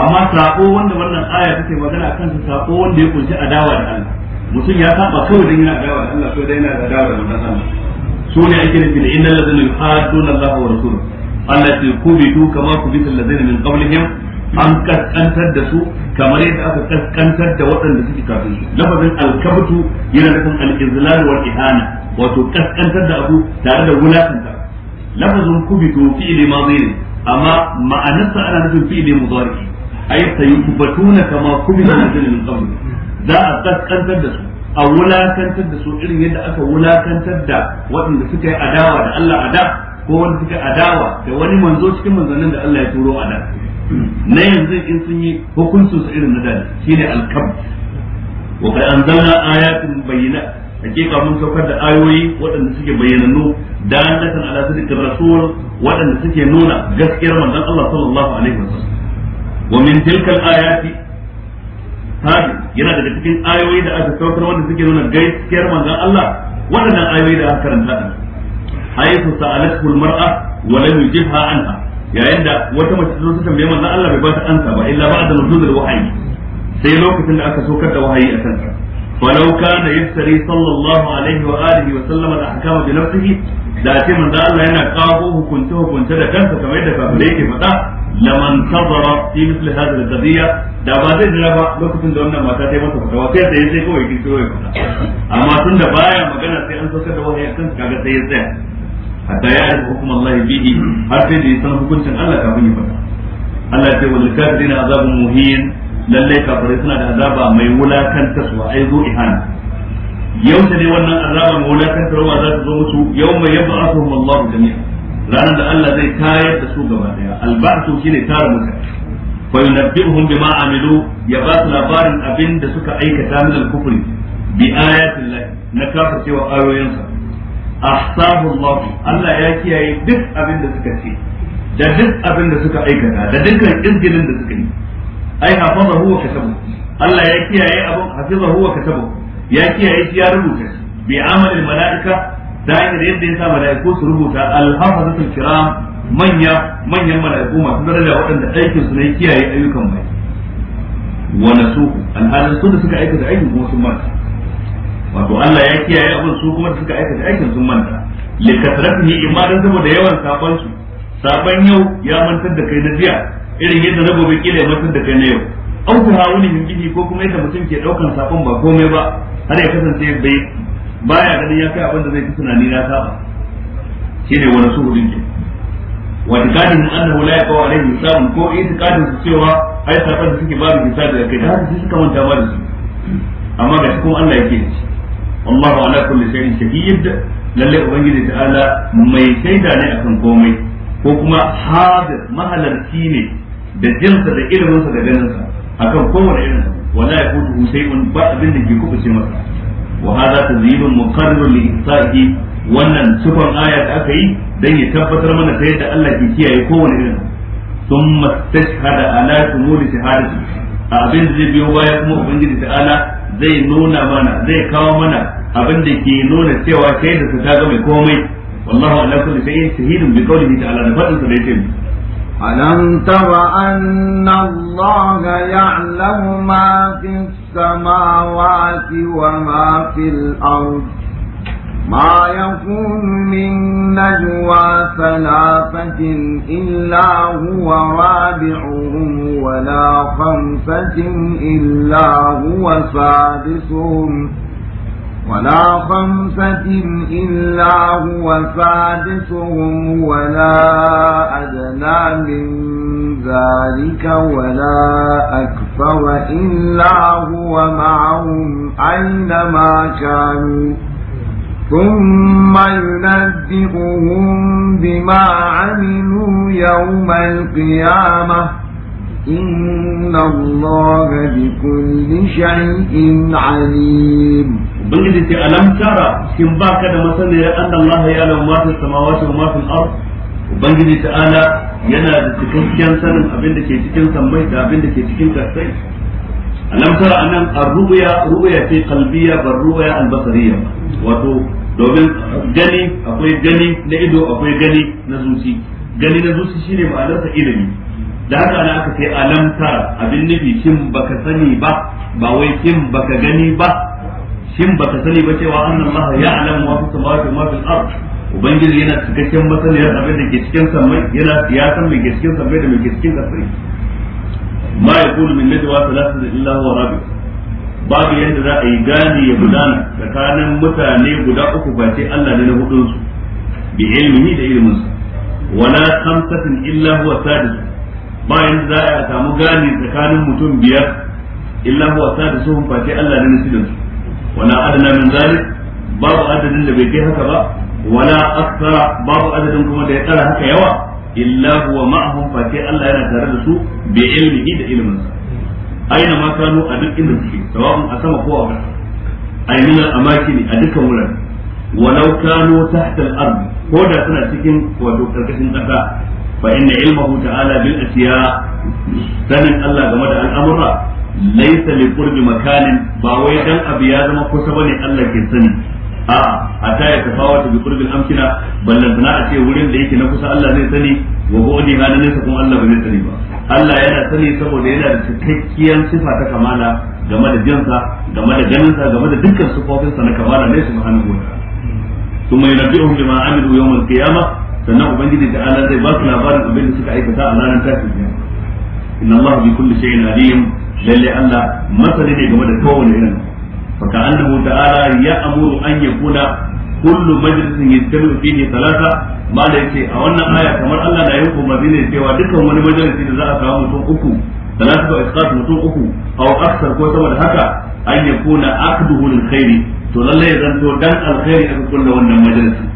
amma sako wanda wannan aya take magana akan sa sako wanda ya kunshi adawa da Allah mutum ya saba kawai dan yana adawa da Allah ko dan yana adawa da manzon Allah su ne ake nufi da innal ladzina yuhadduna Allah wa rasulahu allati kubitu kama kubita alladzina min qablihim an kaskantar da su kamar yadda aka kaskantar da waɗanda suke kafin su lafazin alkabtu yana nufin al-izlal wal ihana wato kaskantar da abu tare da wulakanta lafazin kubitu fi'li ne. amma ma'anarsa ana nufin fi'ili mudari ku batuna kama kubila min qabl za a kaskantar da su a wulakantar da su irin yadda aka wulakantar da waɗanda suka yi adawa da Allah a da ko wanda suka adawa da wani manzo cikin manzannin da Allah ya turo a da na yanzu in sun yi hukuncin su irin na da shine al-kab wa qad anzalna ayatin bayyinat hakika mun saukar da ayoyi waɗanda suke bayyanannu dalatan ala sadiqir rasul waɗanda suke nuna gaskiyar manzon Allah sallallahu alaihi wasallam wa min tilkal ayati hadi yana daga cikin ayoyi da aka saukar wanda suke nuna gaskiyar manzon Allah waɗannan ayoyi da aka karanta da haythu sa'alathu al-mar'a wa lam yujibha anha yayin da wata mace ta zo ta tambaye manzon Allah bai ba ta ansa ba illa ba'da nuzul al-wahyi sai lokacin da aka saukar da wahayi a kanta falau kana yaftari sallallahu alaihi wa alihi wa sallama da ahkama bi nafsihi da ce manzo Allah yana kawo hukunce hukunce da kansa kamar yadda kafirai yake faɗa laman da ba zai jira ba lokacin da wannan mata ta yi masa fatawa kai tsaye sai kawai ki so ya fita amma tun da baya magana sai an saukar da wahayi kansa kaga sai tsaya hatta ya yi hukum Allah har sai da ya hukuncin Allah kafin ya Allah ya ce lalle kafirai suna da azaba mai wulakanta su ai zo ihana yau ne wannan azaba mai wulakanta ruwa za ta zo musu yau mai yaba asuhum Allahu jami'a ranar da Allah zai tayar da su gaba daya alba'tu shine tara mutane fa yunabbi'uhum bima amilu ya ba su labarin abin da suka aikata min al-kufri bi ayatin lahi na kafircewa ayoyinsa ahsahu Allah Allah ya kiyaye duk abin da suka ce da duk abin da suka aikata da dukkan izgilin da suka yi ai hafazahu wa katabu Allah ya kiyaye abun hafizahu wa katabu ya kiyaye shi ya rubuta shi bi amalil malaika da hanyar yadda ya sa malaiku su rubuta alhafazatul kiram manya manyan malaiku masu daraja waɗanda aikin su ne kiyaye ayyukan mai wa nasuhu alhalin su da suka aikata aikin kuma sun manta wato Allah ya kiyaye abun su kuma suka aikata aikin sun manta li kasratihi imma dan saboda yawan saban su saban yau ya mantar da kai na jiya irin yadda na gobe kila ya mutum da kai na yau an ku hawo ne hinkihi ko kuma yadda mutum ke daukan sakon ba komai ba har ya kasance bai baya ganin ya kai abin da zai fi tunani na saba ne wani suhudin ke an tikadin annahu la yaqaw alaihi misalin ko in su cewa yi sakon da suke babu misali da kai da haka suka manta ba da su amma ga kuma Allah yake shi wallahu ala kulle shay'in shahid lalle ubangiji ta'ala mai shaida ne akan komai ko kuma hadir mahalarci ne da jinsa da iliminsa da ganinsa akan kowane irin wala ya sai mun ba abin da ke ce masa wa hadha tazyibun muqarrirun li ihsahi wannan sufan aya da aka yi dan ya tabbatar mana ta yadda Allah ke kiyaye kowane irin thumma tashhada ala tumuli shahadati abin da zai biyo baya kuma ubangiji ta'ala zai nuna mana zai kawo mana abin da ke nuna cewa da su ta ga mai komai wallahu ala kulli shay'in shahidun bi qawlihi ta'ala da fadin sa da yake ألم تر أن الله يعلم ما في السماوات وما في الأرض ما يكون من نجوى ثلاثة إلا هو رابعهم ولا خمسة إلا هو سادسهم ولا خمسة إلا هو سادسهم ولا أدنى من ذلك ولا أكثر إلا هو معهم أينما كانوا ثم ينبئهم بما عملوا يوم القيامة إن الله بكل شيء عليم ubangiji ce alam tara shin baka da masaniyar an Allah ya alamu ma fi samawati wa ma fi al-ard ubangiji ta'ala yana da cikakken sanin abin ke cikin sammai da ke cikin kasai alam tara anan ar-ru'ya ru'ya ce qalbiyya wato domin gani akwai gani na ido akwai gani na zuci gani na zuci shine ma'anarsa ilimi da haka na aka ce alam tara abin nufi shin baka sani ba ba wai shin baka gani ba shin baka sani ba cewa anna ya ya'lamu ma fis samawati wa ma fil ard ubangiji yana cikakken masaniyar abin da ke cikin samai yana ya san me ke cikin samai da mai ke cikin kasai ma yaqulu min najwa da illa huwa rabi babu yadda za a yi gani ya gudana tsakanin mutane guda uku ba ce Allah ne na hudunsu bi ilmihi da ilminsa wala khamsatin illa huwa sadis bayan za a samu gane tsakanin mutum biyar illa huwa sada suhun face Allah ne nasirin su wala adana min zalik babu adadin da bai kai haka ba wala aksara babu adadin kuma da ya tsara haka yawa illa huwa ma'ahum face Allah yana tare da su bi ilmihi da ilmin sa aina ma kanu a duk inda suke sawa'un a sama ko a ƙasa ainihin al'amakini a dukkan wurare walau kanu tahta al-ard ko da suna cikin wato karkashin ƙasa fa inna ilmahu ta'ala bil asiya sanin Allah game da al'amura laysa li qurbi makanin ba wai dan abi ya zama kusa bane Allah ke sani a hatta ya tafawata bi qurbi al-amkina ballan a ce wurin da yake na kusa Allah zai sani wa bu'di ma nan kuma Allah ba zai sani ba Allah yana sani saboda yana da cikakkiyar sifa ta kamala game da jinsa game da ganinsa game da dukkan sufofinsa na kamala ne subhanahu wa ta'ala ثم ينبئهم بما عملوا يوم القيامه sannan ubangiji da Allah zai ba su labarin abin da suka aikata a ranar tashin kiyama inna Allah bi kulli shay'in alim lalle Allah masani ne game da kowane irin fa annahu ta'ala ya'muru an yakuna kullu majlisin yajtami'u fihi thalatha ma da yace a wannan aya kamar Allah na yin umarni ne cewa dukkan wani majalisi da za a samu mutum uku ثلاثة أشخاص mutum uku أو aksar ko da haka an yakuna aqduhu lil khairi to lalle zan to dan alkhairi ka kulla wannan majalisi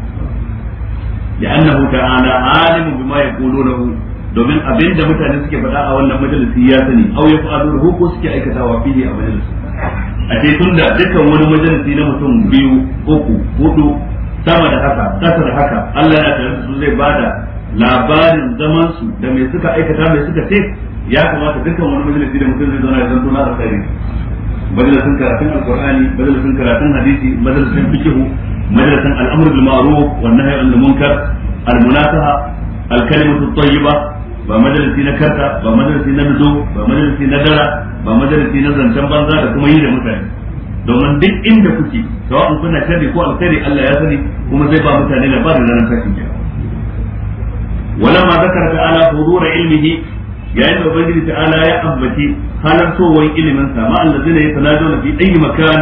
لأنه تعالى عالم بما يقولونه domin abinda mutane suke faɗa a wannan majalisi ya sani au ya fa'alu ruhu ko suke aikatawa fihi a majalisi a ce tunda dukkan wani majalisi na mutum biyu uku hudu sama da haka ƙasa da haka Allah ya tare su zai bada labarin zaman su da me suka aikata me suka ce ya kamata dukkan wani majalisi da mutum zai zauna ya zanto na majalisin karatun alkur'ani majalisin karatun hadisi majalisin fikihu majalisin al'amr bil ma'ruf wan nahy anil munkar al munasaha al kalimatu tayyiba ba majalisi na karta ba majalisi na mizo ba majalisi na dara ba majalisi na zancen banza da kuma yi da mutane domin duk inda kuke sawa'un kuna sharri ko alkhairi Allah ya sani kuma zai ba mutane labarin ranar tashin kiyama ولما ذكر ana hurura علمه yayin da ubangiji ta'ala ya ambaci halartowar ilimin sa ma Allah zai yatanajuna fi ayi makan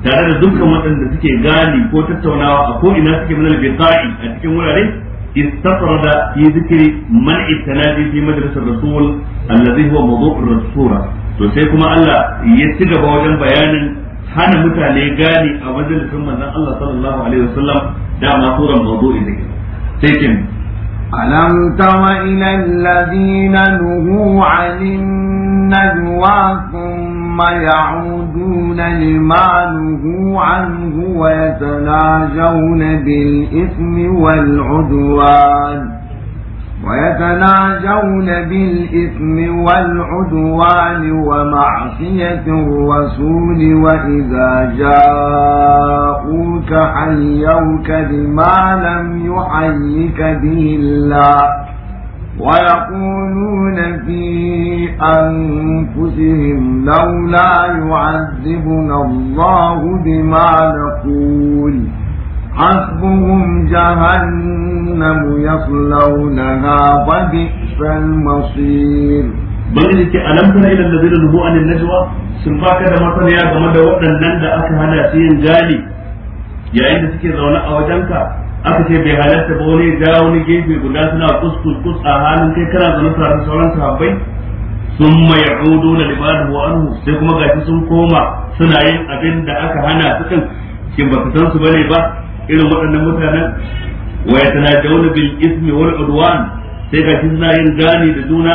tare da dukkan waɗanda suke gani ko tattaunawa a ko ina suke mana al a cikin wurare استطرد في ذكر منع التنادي في مجلس الرسول الذي هو موضوع الرسولة to sai kuma Allah ya ci gaba wajen bayanin hana mutane gani a majalisin manzon Allah sallallahu alaihi wasallam da ma turan mawdu'i da sai kin ألم تر إلى الذين نهوا عن النجوى ثم يعودون لما نهوا عنه ويتناجون بالإثم والعدوان ويتناجون بالإثم والعدوان ومعصية الرسول وإذا جاءوك حيوك بما لم يحيك به الله ويقولون في أنفسهم لولا يعذبنا الله بما نقول حسبهم جهنم يصلونها فبئس المصير bangin yake alam tana idan da zai nuhu anin najwa sun baka da masaniya game da waɗannan da aka hana su yin gani yayin da suke zaune a wajenka aka ce bai halarta ba wani ga gefe guda suna kuskus a halin kai kana zaune tare da sauran sahabbai sun mayaudu da libadu wa anhu sai kuma gashi sun koma suna yin abin da aka hana su kin ba su san su bane ba irin waɗannan mutanen wa yatanajawna bil ismi wal udwan sai ga shi suna yin gani da juna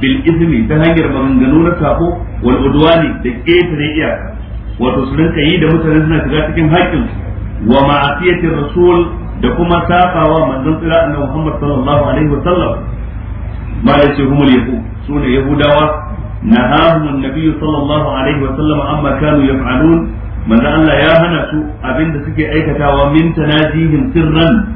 bil ismi ta hanyar maganganu na sako wal udwani da ƙetare iyaka wato su rinka yi da mutanen suna shiga cikin haƙƙin wa ma'asiyatir rasul da kuma safawa manzon tsira annabi Muhammad sallallahu alaihi wa sallam ma ce humul yahud sune yahudawa nahahum an-nabiy sallallahu alaihi wa sallam amma kanu yaf'alun manzo Allah ya hana su abinda suke aikatawa min tanajihim sirran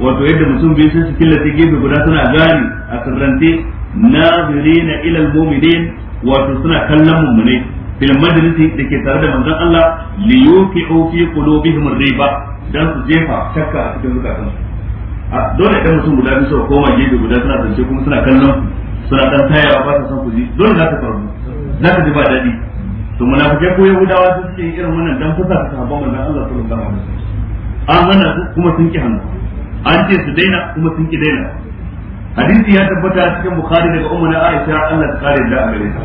wato yadda mutum bai san su killace gefe guda suna gani a sirrante nazirina ila almu'minin wato suna kallon mummune bil majlisi dake tare da manzo Allah li yuqi'u fi qulubihim riba dan su jefa shakka a cikin zukatan a dole dan mutum guda biyu ko ma gefe guda suna zance kuma suna kallon suna dan tayawa ba ta son ku ji dole za ta faru za ta ji ba daɗi to munafikai ko yahudawa su suke irin wannan dan kusa ta sahabban manzon Allah sallallahu alaihi wasallam an hana su kuma sun ki hannu an ce su daina kuma sun ki daina hadisi ya tabbata cikin bukhari daga ummu na aisha Allah ta kare da gare ta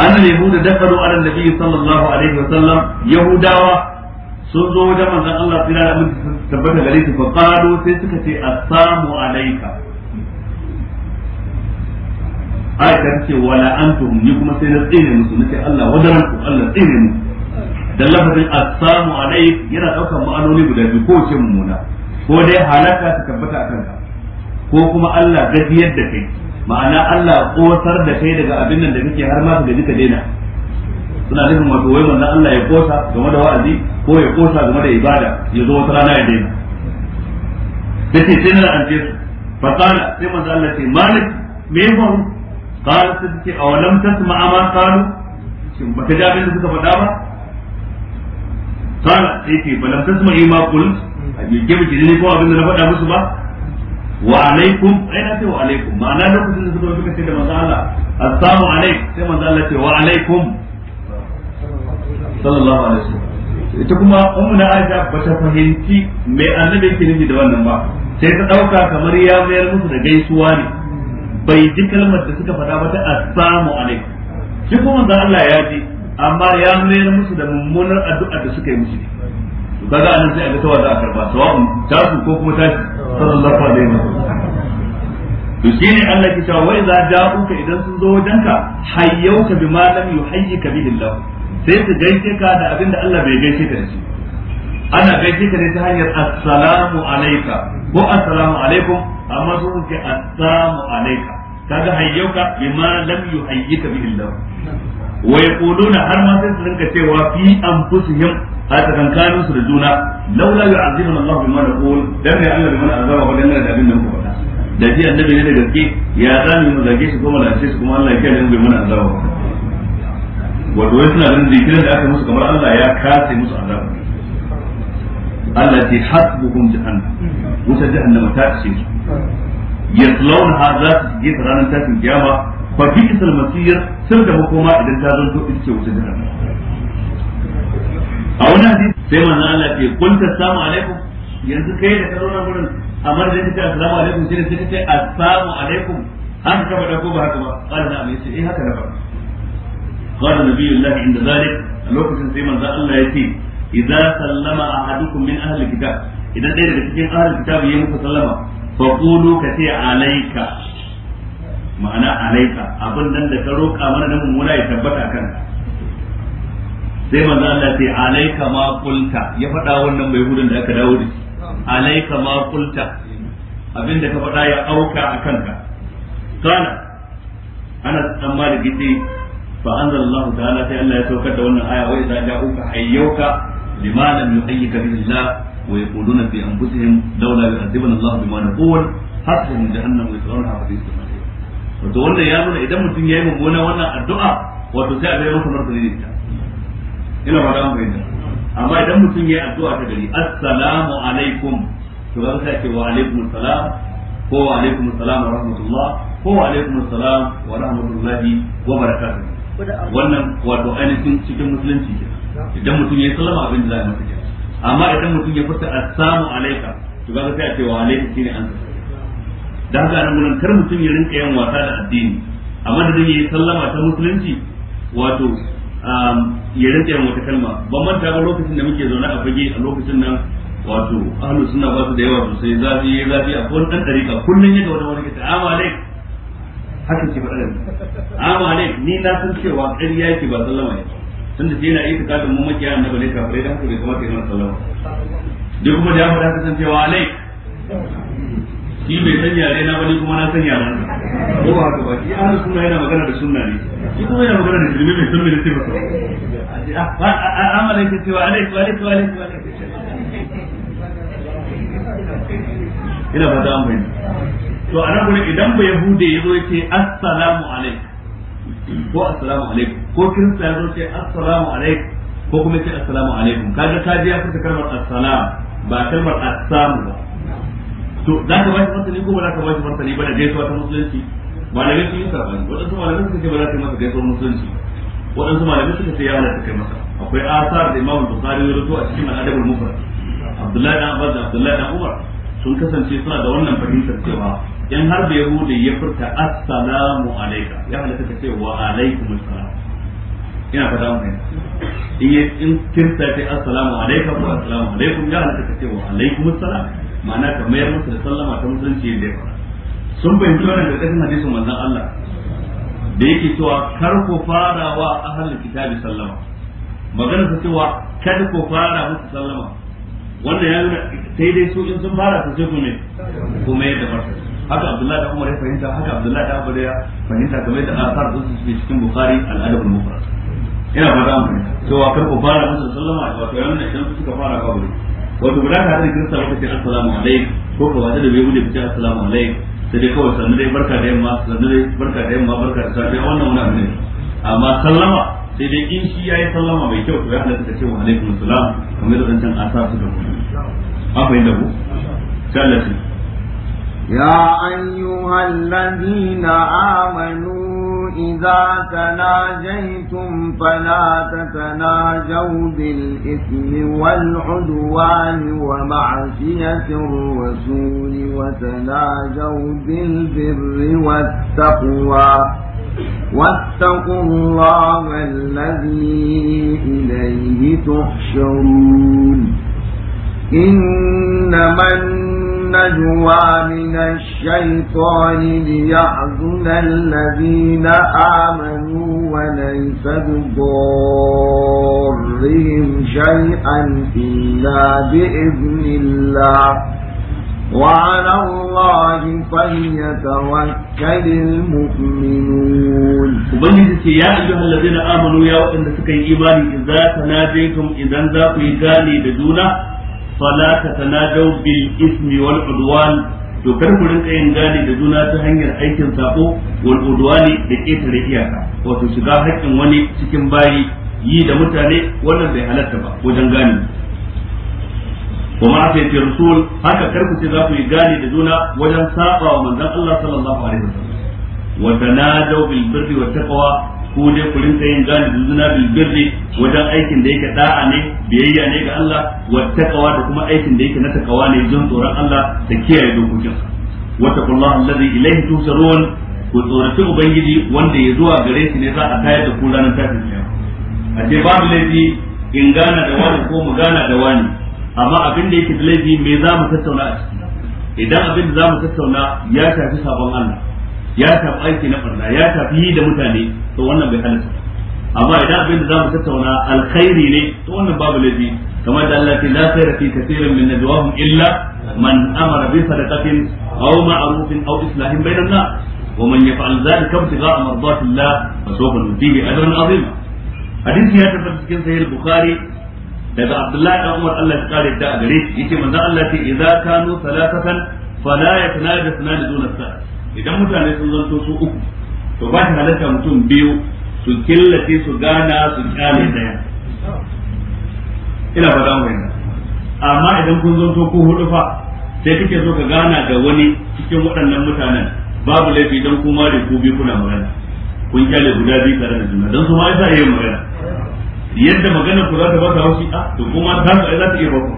an yahuda dakalu ala nabi sallallahu alaihi wasallam yahudawa sun zo wajen manzon Allah yi da mutunta tabbata gare su ko qalu sai suka ce assalamu alayka aka ce wala antum ni kuma sai na tsine musu nake Allah wadaran ku Allah tsine mu dan lafazin assalamu alaik yana daukan ma'anoni guda biyu ko ce mumuna ko dai halaka ta tabbata a ka. ko kuma Allah gajiyar da kai ma'ana Allah kosar da kai daga abin nan da kake har ma ka gaji ka daina suna nufin wato wai manzon Allah ya kosa game da wa'azi ko ya kosa game da ibada ya zo wata rana ya daina dace sai na an ce su fa sai manzon Allah ce malik me ya قال تسكي أو لم تسمع ما قالوا شم بكجا بين سكا فتابا قال سيتي فلم تسمع ما قلت أجي كيف تجيني كوا بين رفض أبو سبا وعليكم أين أتي وعليكم ما أنا لكم سنة سكا سيدة مزالة السلام عليك سيدة مزالة وعليكم صلى الله عليه وسلم ita kuma ummuna Aisha ba ta fahimci me annabi yake nufi da wannan ba sai ta dauka kamar ya mayar musu da gaisuwa ne bai ji kalmar da suka faɗa ba ta assalamu alaikum shi kuma manzo Allah ya ji amma ya mayar musu da mummunar addu'a da suka yi musu kaga anan sai a ga tawa za a karba sawa'un tasu ko kuma tashi sallallahu alaihi sallam to ne Allah ke cewa wai za da'uka idan sun zo wajenka hayyauka bima lam yuhayyika bihi Allah sai su gaishe ka da abinda Allah bai gaishe ka da shi ana gaishe ka ne ta hanyar assalamu alayka ko assalamu alaikum amma su suke assalamu alayka kaga hayyauka bima lam yuhayyika bi Allah wa yaquluna har ma sai su rinka cewa fi anfusihim a tsakankanin su da juna laula yu'azzibuna Allah bima naqul dan ne Allah bima azaba wa dan da abin nan ku da da ji annabi ne da gaske ya zani mu zage shi kuma lafiya shi kuma Allah ya kiyaye mu bima azaba wato wai suna ganin zikirin da aka musu kamar Allah ya kase musu azaba Allah ce hasbuhum jahannam wuta jahannama ta ishe su yaslawnaha za su shige ranar tashin kiyama fa bi isal masir sun da makoma idan ta zanto ita ce wuta jahannama a wani hadisi sai manzo Allah ce kun tasamu yanzu kai da karona gurin amma da kace assalamu alaikum sai da kace assalamu alaikum haka ka faɗa ko haka ba haka na inda zalik a lokacin sai manzo Allah ya idza sallama ahadukum min ahli kitab idan dai daga cikin ahli kitab yayi muku sallama fa qulu ka ce alayka ma'ana alayka abin nan da ka roƙa mana nan mun ya tabbata kanka sai manzo Allah ce alayka ma qulta ya faɗa wannan bai hudun da aka dawo da shi alayka ma qulta abinda ka faɗa ya auka a kanka kana ana dan gidi fa anzalallahu ta'ala sai Allah ya saukar da wannan aya wa idza ja'uka hayyuka لما لم يحيك به الله ويقولون في انفسهم لولا يعذبنا الله بما نقول جهنم idan mutum ya yi mummuna wannan a bai masa martani ne amma idan mutum ya addu'a ta gari assalamu alaikum to ga sai wa alaikum assalam ko wa alaikum assalam wa rahmatullah ko wa alaikum assalam wa rahmatullahi wa barakatuh wannan wato ainihin cikin musulunci kenan idan mutum ya sallama abin da za a masa kenan amma idan mutum ya furta assalamu alaika to ga sai a ce wa alaika shine an sallama dan ga nan gurin kar mutum ya rinka yin wasa da addini amma da yayi sallama ta musulunci wato um, ya rinka yin wata kalma ban manta ba lokacin da muke zaune a fage a lokacin nan wato ahlus sunna ba su da yawa sosai zafi yayi zafi a kowane dan dariƙa kullun yaga wani wani ta amma alaik haka ce faɗa da ni na san cewa ƙarya yake ba sallama ne tunda sai yana itikadin mu makiya annabi ne kafirai da haka bai zama kai mana sallama duk kuma da fara san cewa alai shi bai san yare na bane kuma na san yaran ko ba haka ba shi an suna yana magana da sunna ne shi kuma yana magana da ilimi mai sunna ne sai ah, ba a amala ke cewa alai wa alai wa alai wa alai ina fata an bayyana to anan gudun idan ba yahude ya ce assalamu alaikum ko assalamu alaikum ko kirista ya zo ce assalamu alaikum ko kuma ce assalamu alaikum kaga ka ji ya furta kalmar assalam ba kalmar assamu ba to za ka bashi martani ko ba za ka bashi martani ba da gaisuwa ta musulunci malamai sun yi sabani waɗansu malamai suka ce ba za ka yi masa gaisuwar musulunci waɗansu malamai suka ce ya halatta kai masa akwai asar da imamu bukhari ya rubuta a cikin al'adabul mufrad abdullahi dan abbas da abdullahi dan umar sun kasance suna da wannan fahimtar cewa in har da yahudi ya furta assalamu alaika ya halatta ka ce wa alaikum assalam ina fata mun in in kirta ce assalamu alaika ko assalamu alaikum ya halatta ka ce wa alaikum assalam ma'ana ka mayar musu da sallama ta musulunci da ya fara sun bayyana wannan da kasan hadisin manzon Allah da yake cewa kar ku fara wa ahlul kitabi sallama magana ta cewa kada ku fara musu sallama wannan ya nuna sai dai su in sun fara su ce ku me ku mayar da martani haka abdullahi da umar ya fahimta haka abdullahi da abu ya fahimta game da asar da su suke cikin bukari al'adab al-mufrad ina fata an fahimta cewa kar ku fara musu sallama a wato yanzu da idan suka fara kawai wato guda ka da kirista wata ce assalamu alaik ko ka wata da bai wuce ce assalamu alaik sai dai kawai sannu dai barka da yamma sannu dai barka da yamma barka da safiya wannan wani abu ne amma sallama sai dai in shi yayi sallama mai kyau to ya halatta ta ce wa alaikum assalam kamar da zancen asar suka kuma an fahimta ku sallallahu يا أيها الذين آمنوا إذا تناجيتم فلا تتناجوا بالإثم والعدوان ومعصية الرسول وتناجوا بالبر والتقوى واتقوا الله الذي إليه تحشرون إنما النجوى من الشيطان ليحزن الذين آمنوا وليس بضارهم شيئا إلا بإذن الله وعلى الله فليتوكل المؤمنون ubangiji ce ya ayyuhal ladina amanu ya waɗanda suka yi imani idza tanajaytum idan za ku yi gani da juna فلا تتناجوا بالاسم والعدوان to kar ku rinka yin gane da juna ta hanyar aikin sako wal udwani da ketare iyaka wato shiga haƙƙin wani cikin bayi yi da mutane wannan bai halarta ba wajen gane kuma a sai rasul haka kar ku ce za gane da juna wajen saba wa manzon Allah sallallahu alaihi wasallam wa tanadaw bil birri ku dai ku rinka yin gani zuna bil birri wajen aikin da yake da'a ne biyayya ne ga Allah wa taqwa da kuma aikin da yake na taqwa ne jin tsoron Allah da kiyaye dokokin wa taqullaha alladhi ilayhi tusarun ku tsoraci ubangiji wanda ya zuwa gare shi ne za a tayar da ku ranar tashin kiyama a ce babu laifi in gana da wani ko mu gana da wani amma abin da yake da laifi me za mu tattauna a ciki idan abin da za mu tattauna ya shafi sabon Allah ya tafi aiki na barna ya tafi yi da mutane to wannan bai halatta amma idan abin da zamu tattauna alkhairi ne to wannan babu laifi kamar da Allah ya ce la khayra fi kaseerin min najwahum illa man amara bi sadaqatin aw ma'rufin aw islahin bainan nas wa man yaf'al dhalika ibtigha'a mardati Allah fa sawfa nutihi ajran 'azima hadisi ya tabbata cikin sahih bukhari daga Abdullahi dan Umar Allah ya kare da gare shi yace manzo Allah ce idza kanu salatatan fala yatanajasuna duna sa'a idan mutane sun zanto su uku to ba ta halatta mutum biyu su killace su gana su kyale daya ina ba za mu yana amma idan kun zanto ku hudu fa sai kake so ka gana da wani cikin waɗannan mutanen babu laifi don ku da ku biyu kuna magana kun kyale guda biyu tare da juna don su ma yasa yin magana yadda magana ku za ta ba ta haushi a ah, to kuma ta su za ta iya ba ku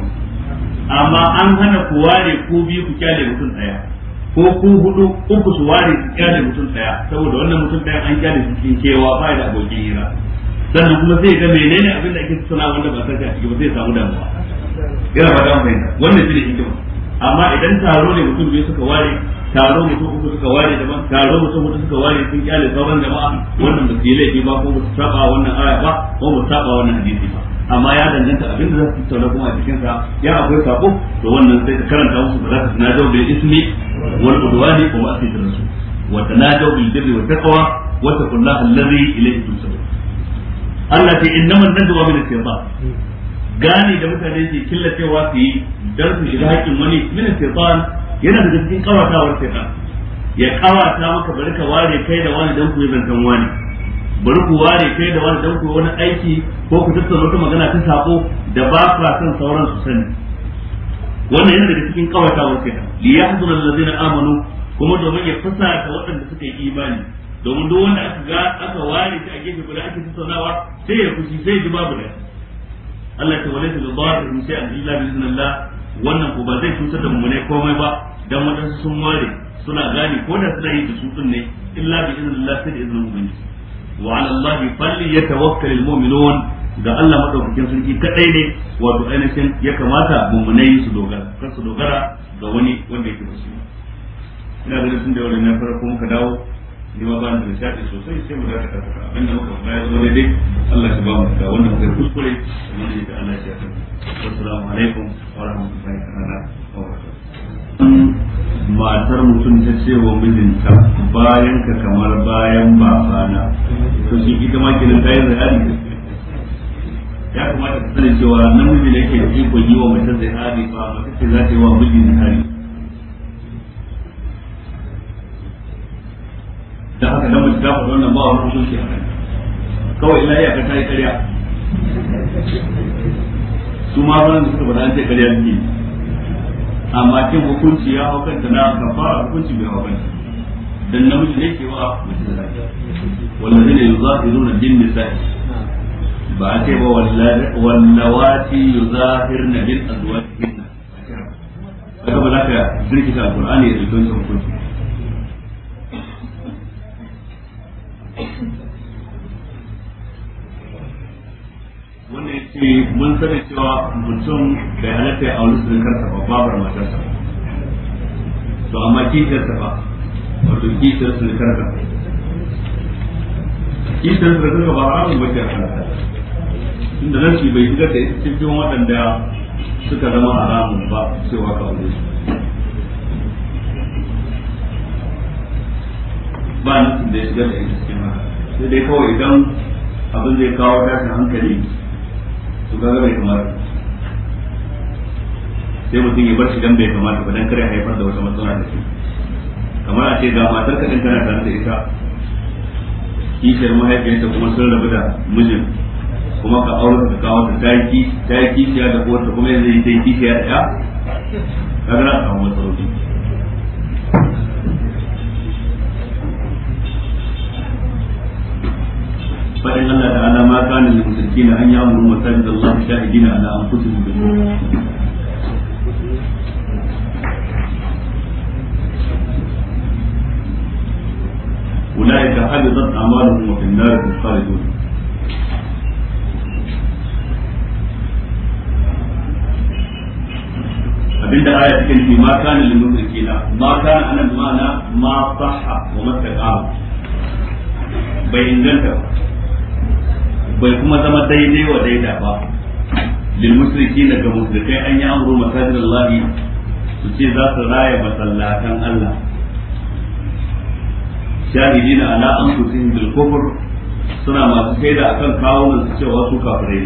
amma an hana ku ware ku biyu ku kyale mutum daya. ko ku hudu uku su ware su kyale mutum daya saboda wannan mutum daya an kyale su cikin kewa ba da abokin hira sannan kuma zai ga menene abin da ake tsana wanda ba ta ciki ba zai samu damuwa ina ba dan mai wannan shi ne hikima amma idan taro ne mutum biyu suka ware taro mutum uku suka ware daban taro mutum hudu suka ware sun kyale sauran jama'a wannan ba su yi laifi ba ko ba su saba wannan aya ba ko ba su saba wannan hadisi ba amma ya danganta abin da za su tattauna kuma a cikin sa ya akwai sako to wannan sai ka karanta musu da za ka tunajau bil ismi wal udwani wa ma'asiyati rasul wa tunajau bil birri wa taqwa wa taqullaha allazi ilayhi tusabun Allah ce innamal najwa min shaytan gane da mutane ke killacewa su yi dan su shiga hakkin wani min shaytan yana da cikin kawatawar shaytan ya kawata maka bari ware kai da wani dan ku yi zantan wani bari ku ware kai da wani dan wani aiki ko ku tattauna wata magana ta sako da ba ku son sauran su sani wannan yana daga cikin kawata wa kenan li yahzuna allazina amanu kuma domin ya fasa ta waɗanda suka yi imani domin duk wanda aka ga aka ware shi a gefe guda ake tattaunawa sai ya fushi sai ji babu da Allah ta walaita bi mun sai an illa bi wannan ko ba zai cutar da mu ne komai ba dan wadansu sun ware suna gane ko da suna yi da su ne illa bi iznillah sai da iznin ubangiji wa ala allahi falyatawakkalul mu'minun ga Allah madaukakin sarki kadai ne wato ainihin ya kamata mumunai su dogara kar su dogara ga wani wanda yake musu ina ganin tun da yau na farko muka dawo ni ma ban da nishaɗi sosai sai mu zaka tafi abin da muka bayar zo daidai Allah ya ba mu da wannan kai kuskure wanda ya Allah ya tafi assalamu alaikum wa rahmatullahi wa barakatuh in matar mutum ta ce wa mijinta bayan ka kamar bayan sana to shi ita ma kenan ta yi zahari ya kamata ta sani cewa namiji da yake da ko yi wa zai zahari ba ta ce za ta yi wa mijin zahari da haka dan mutum ta faɗi wannan ba wani kusur a kai kawai ina iyaka ta yi karya su ma wani da suka faɗa an ce karya ne amma kin hukunci ya hau kanta na kafara hukunci bai hau kanta dan namiji ne ke wa mace da lafiya wallazi ne yuzahiruna bin nisa'i ba a ce ba wallawati na bin azwajihinna kaga ba za ka ta alqur'ani ya zuwa hukunci wanda ya ce mun sani cewa mutum da ya halatta ya auri sun karsa ba babar matarsa to amma kishiyarsa ba wato kishiyar sun karsa kishiyar sun karsa ba haramun ba kiyar inda nan shi bai shiga da ya ce cikin waɗanda suka zama haramun ba cewa ka aure su ba nufin da ya shiga da ya ce sai dai kawai idan abin zai kawo tashin hankali to ga bai kamata sai mutum ya bar shi dan bai kamata ba dan kare haifar da wata matsala da shi kamar a ce ga matar ka din tana tare da ita kishiyar mahaifiyarta kuma sun rabu da mijin kuma ka aure ka kawo ta ta yi ya da kowace kuma yanzu yi ta yi kishiya da ya gana a kawo matsaloli فإن الله تعالى ما كان للمشركين أن يأمروا مساجد الله شاهدين على أنفسهم بالكفر أولئك حدثت أعمالهم وفي النار هم خالدون أبدا آية cikin ما كان للمشركين ما كان أنا بمعنى ما صح ma sahha wa mattaqa bai kuma zama daidai wa daida ba lil musrikin ga musulmai an yi amru masajid Allah su ce za su raya masallatan Allah shahidin ala anfusihim bil kufr suna masu shaida akan kawo su cewa su kafirai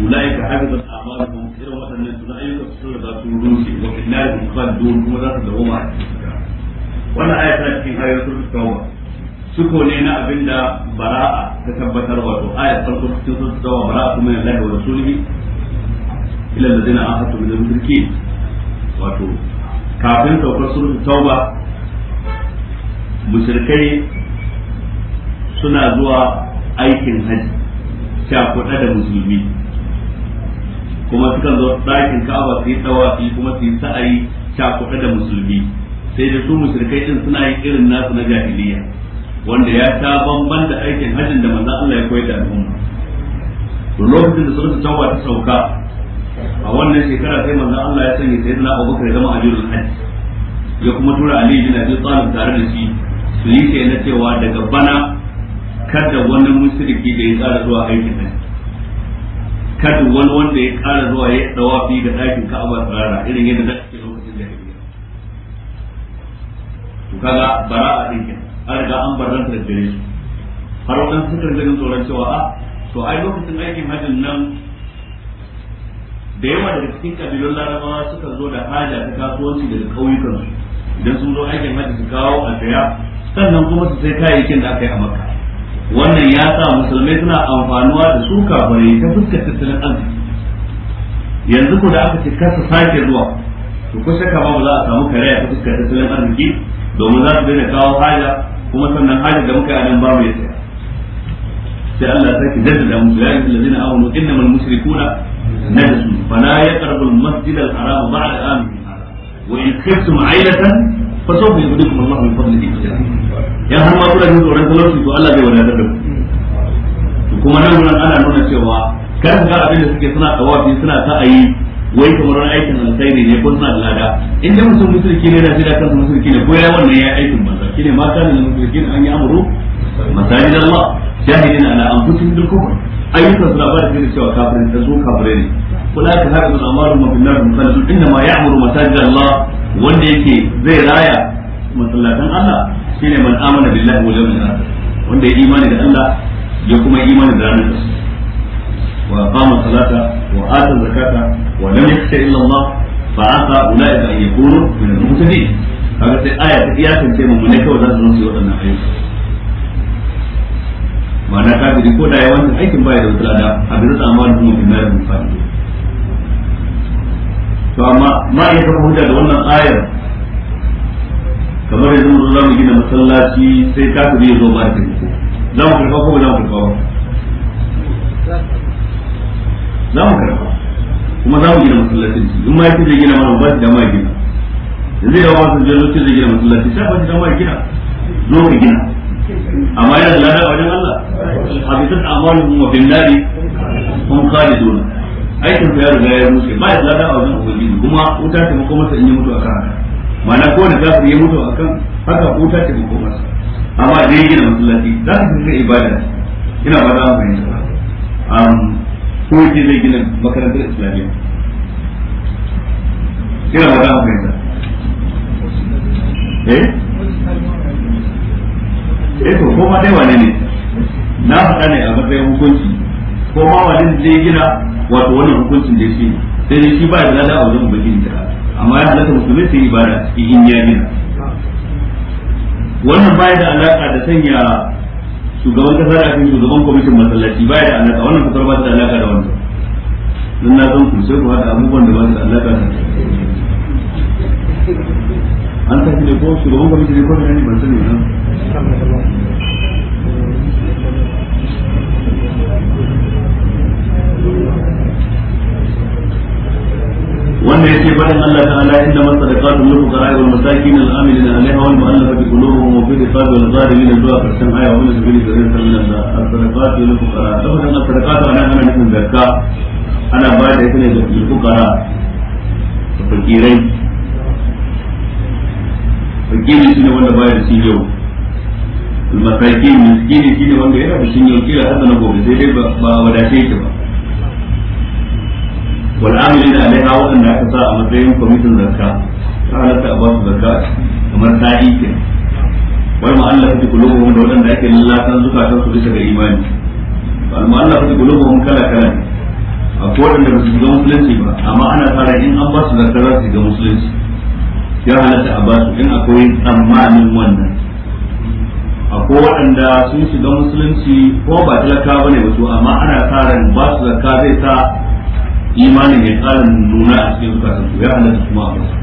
ulaika hafizat a'maluhum irin waɗannan suna ayyuka su da su rushe wa fil nar hum khalidun kuma za su dawo ma wannan ayatu cikin ayatul tauba suko ne na abin da bara'a ta tabbatar wato ayat farko cikin sun tsawa bara'a kuma yana da rasulihi ila ladina ahadu min al-mushrikeen wato kafin saukar sunan tauba mushrikai suna zuwa aikin hajji cakuɗa da musulmi kuma sukan zo ɗakin ka'aba su yi tawafi kuma su yi sa'ayi cakuɗa da musulmi sai da su musulkai din suna yin irin nasu na jahiliya wanda ya ta bamban da aikin hajjin da manzan Allah ya koyar da al'umma to lokacin da suratul tauba ta sauka a wannan shekara sai manzan Allah ya sanya na Abubakar ya zama amirul hajj ya kuma tura Ali bin Abi Talib tare da shi su yi ke na cewa daga bana kada wani musulmi da ya tsara zuwa aikin hajji kada wani wanda ya ƙara zuwa ya dawafi da ɗakin Ka'aba tsara irin yadda da kake lokacin da ya to kaga bara'a din kenan an riga an ranta da gare shi har wadansu suka ganin tsoron cewa a ah, to ai lokacin aikin hajjin nan da yawa daga cikin kabilun larabawa suka zo da haja ta kasuwanci daga kauyukan idan sun zo aikin hajji su kawo a saya sannan kuma su sai kayayyakin da aka yi a makka wannan ya sa musulmai suna amfanuwa da su kafare ta fuskar tattalin arziki yanzu ko da aka ce kasa sake zuwa to ko shakka ba za a samu karaya ta fuskar tattalin arziki domin za su daina kawo haja kuma sannan haja da muka yi anan babu ya tsaya sai Allah sai ki jaddada musu ya yi allazina amanu innamal da najasun fala yaqrabu al-masjid al-haram ba'da amihim wa in khiftum 'ailatan fasawfa yughnikum Allahu min fadlihi ya har ma kula da tsoron talauci to Allah zai wadatar da ku kuma nan gurin ana nuna cewa kan ga abin da suke suna tawafi suna sa'ayi wai kamar wani aikin alkhairi ne kun san lada in da mutum musulki ne da jira kansa musulki ne ko ya wannan ya aikin banza shine ne kana da musulki an yi amuru masajid Allah na ala anfusihim bil kuma ayyukan su labar da cewa kafirin da su kafirai ne kula ka haɗa da amaru da musallatu inda ma amuru masajid Allah wanda yake zai raya masallatan Allah shine man amana billahi wal yawmil akhir wanda ya imani da Allah ya kuma imani da ranar وأقام الصلاة وآتى zakata ولم يخش إلا الله فعسى أولئك أن يكونوا من المهتدين kaga sai aya ta iya kance mu ne kawai za su zo su yi waɗannan ayyuka ma'ana ka ji ko da wannan aikin baya wata lada abin da amma da kuma binar ma ya kafa hujja gina masallaci sai kafiri za mu karba kuma za mu gina masallacin shi in ma yake zai gina mana ba shi dama gina yanzu da wasu jalo ce zai gina masallaci sai ba shi dama gina zo ka gina amma yana da lada wajen Allah habitat amaluhum wa bin nari hum khalidun aikin sa ya riga ya rushe ba ya lada a wajen ubangiji kuma wuta ta makomarsa in ya mutu a akan haka ma'ana kowane kafir ya mutu a akan haka wuta ta makomarsa amma dai gina masallaci za ka fi ibada ina ba za mu fahimta ba um, ko yake zai gina makarantar islamiyya ina ba za a fahimta eh eh to ko ma dai wane ne na faɗa ne a matsayin hukunci ko ma wane zai gina wato wannan hukuncin da shi sai dai shi ba da lada a wajen ubangiji ta amma ya halatta musulmi sai ibada cikin in ya gina wannan ya da alaka da sanya shugaban kasa da kan shugaban kwamitin masallaci baya da alaka wannan kasar ba ta da alaka da wannan don na san kusur sai ku haɗa abubuwan da ba su da alaka da an tafi da ko shugaban kwamitin ne ko da ne ban sani ba wanda ce faɗin Allah ala inda masadaqatu lil fuqara wal masakin al amilina alaiha wal mu'allafati qulubuhum wa fi riqabi wal zalimin zuwa karshen aya wa min sabili dhalika min da ita ne ga fuqara fakirai fakiri wanda baya da shi yau da yau gobe sai dai ba wadace ba والعاملين عليها وان wanda aka sa a matsayin kwamitin zakka ta halatta a ba su zakka kamar sa'i kenan wal mu'allafati qulubuhum da wadanda ake lallatan ان su bisa ga imani wal mu'allafati qulubuhum kala kala akwai wadanda ba su ga musulunci ba amma ana fara in an zakka za su a in akwai waɗanda sun shiga musulunci ko ba talaka ba ne ba su amma ana sa ba su zakka zai sa imanin ya ƙara nuna a cikin zukatan su ya halatta kuma a musu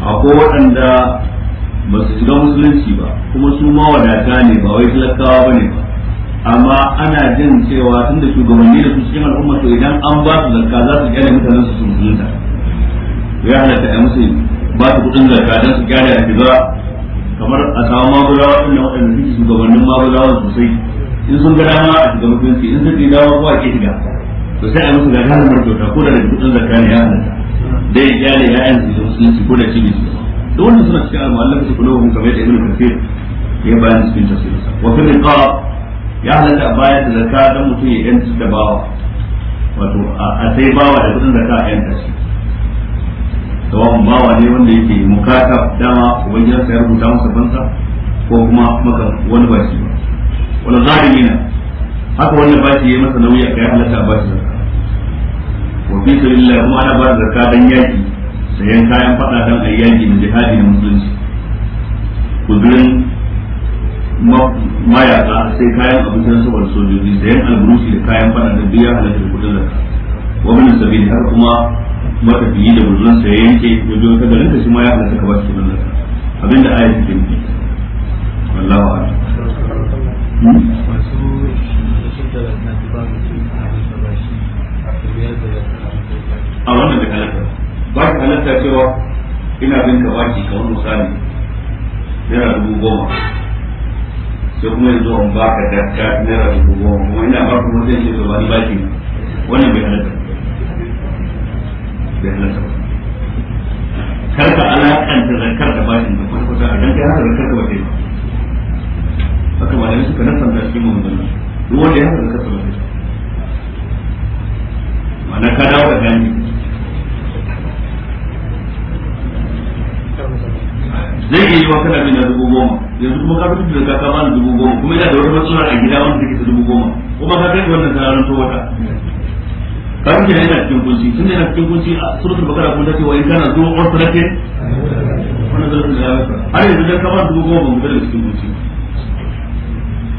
akwai waɗanda ba su shiga musulunci ba kuma su wadata ne ba wai talakawa ba ne ba amma ana jin cewa tun da shugabanni da su cikin al'umma to idan an ba su zarka za su gyara mutanen su su musulunta ya halatta ya musu ba su kuɗin zarka don su gyara a shiga kamar a samu magudawa waɗanda nan waɗanda suke shugabannin magudawa sosai in sun ga dama a shiga musulunci in sun ga dama ko a ke shiga to sai a musu ga haramar kyauta ko da da kudin zakka ne ya halatta dai ya ne ya yanzu da musulunci ko da shi ne duk wannan suna cikin al-mu'allaf su kullu hum kamar da ibnu kathir ya bayan cikin tafsirinsa wa fil riqab ya halatta bayan da zakka dan mutum ya yanta da bawa wato a sai bawa da kudin zakka a yanta shi tsawon bawa ne wanda yake mukata dama ubangijansa ya rubuta masa bansa ko kuma maka wani bashi ba wani zalimina haka wani bashi ya masa nauyi a kai halatta bashi zakka wa fi sabilillah kuma ana ba da zakka dan yaki sayan kayan fada dan ayyaki na jihadi na musulunci kudurin mayaka sai kayan abincin saboda sojoji sayan alburusi da kayan fada da biya halatta kudin zakka wa bin sabili har kuma matafiyi da buzulan sa yanke ya biyo ta garin da shi ma ya halatta ka ba shi kudin zakka abinda ayat ke nufi wallahu a'lam hmm? masu shi da na ba mutum a bashi a da a wannan da halatta ba ka halatta cewa ina bin ka baki kamar misali naira dubu goma sai kuma yanzu an ba ka dakka naira dubu goma kuma ina ba kuma zai ce to ba ni baki wannan bai halatta bai halatta kar ka alakanta zakar da bakin da kuma kusa a dan yana haka zakar da ba. haka malamai suka nasanta shi mun duk wanda ya da zakar da bakin ma'ana ka dawo da gani zai iya yiwa kana bin dubu goma yanzu kuma ka fitar da kaka bani dubu goma kuma yana da wata matsala a gida wanda take ta dubu goma kuma ka kai wannan sararin to wata kan ki yana cikin kunci tun yana cikin kunci a surutu bakara kun ta ce wa in kana zuwa wasrake wannan zai da har yanzu da ka bani dubu goma mun da cikin kunci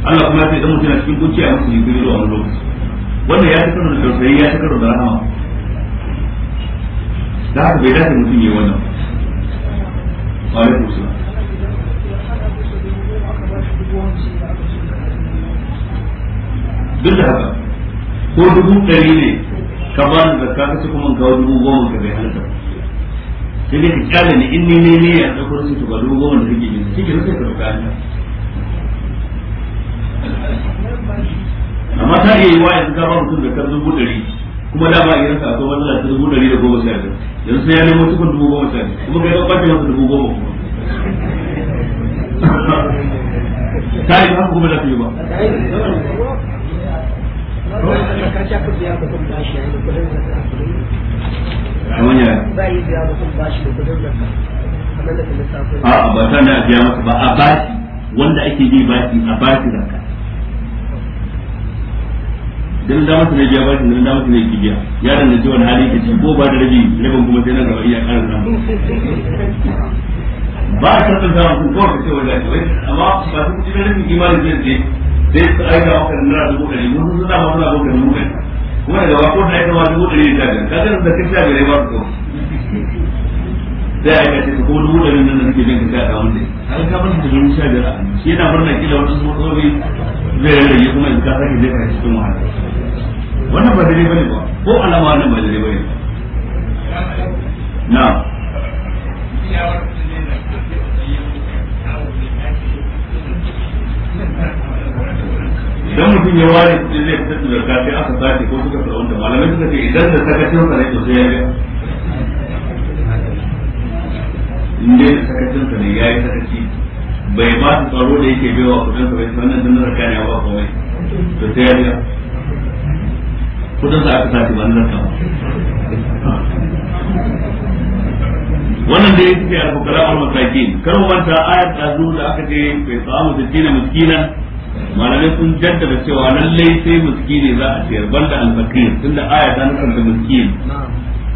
Allah kuma ya ce idan mutum yana cikin kunci a musu jinkiri zuwa wani lokaci wannan ya ta da tausayi ya ta da rahama da haka bai dace mutum ya yi wannan alaikum salam duk da haka ko dubu ɗari ne ka ba da zakka ka ci kuma ga dubu goma ka bai halatta sai dai ka kyale ni in ni ne ne ya ɗauko su to ba dubu goma da kake ne cikin ke sai ka ɗauka amma ta iya yi wa yanzu ka ba mutum zakar dubu ɗari kuma da ba a yi rasa a to wani zakar dubu ɗari da goma sha biyar yanzu sai ya nemo tukun dubu goma kuma kai ɗan ɓace masa dubu goma ta yi haka kuma ba a ba ta na biya masa ba a ba wanda ake yi ba a bashi zaka ganin da masa ne biya bashi ganin da masa ne ki biya ya danganci wani hali ke ko ba da rabi rabin kuma sai na gaba iya karin nan ba a san da mutum ko ka ce wanda ke amma ba su kuɗi ki ma imanin zai ce sai su aika maka da nara ne mun suna ma suna bauta mun ɗari kuma daga ba ko da aika ma dubu ne da ka ga da ka ga ne ba ko sai aika ce ko dubu ɗari nan da nake bin ka ga wanda har ka bar da dubu sha biyar shi yana murna kila wani su mutuwa zai rinda yi kuma in ka sake zai kai cikin wahala wannan ba daidai ba ko alama wannan ba na dan mutum ya ware kuɗi zai fitar da zarga sai aka sace ko suka wanda malamai suka ce idan da sakacin sa ne to sai ya ga in dai sakacin sa ne yayi sakaci bai ba su tsaro da yake baiwa kudin sa bai san nan dan raka ne ba komai to sai ya ga kudin sa aka sace ban nan kama wannan da yake a fukara al masakin kar mu manta ayat zo da aka ce bai samu sittina miskina malamai sun jaddada cewa lallai sai miskini za a ciyar banda al fakir tunda aya ta nuna miskin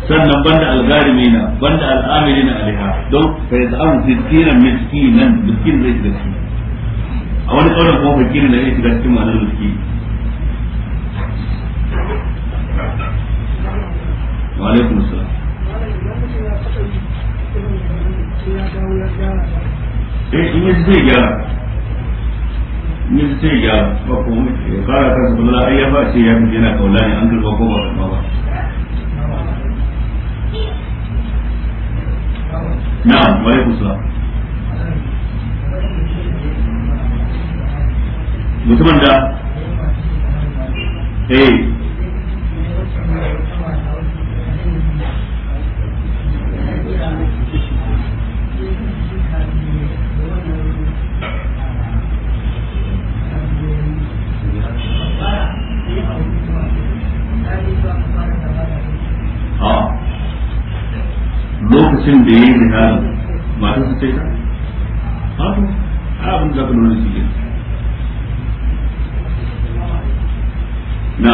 sannan banda algarimina banda al'amilina alaiha don fa yaz'amu fiskinan miskinan miskin zai shiga ciki a wani kauran kuma fakirin da zai shiga cikin ma'anar miski wa alaikum assalam eh in yi zai gyara in yi zai gyara ba kuma ya kara kansa bala ai ya ba ce ya fi yana kaula ne an karba ko ba ba na'am wa alaikum salam mutumin da eh. دیر نالونا چاہیے نہ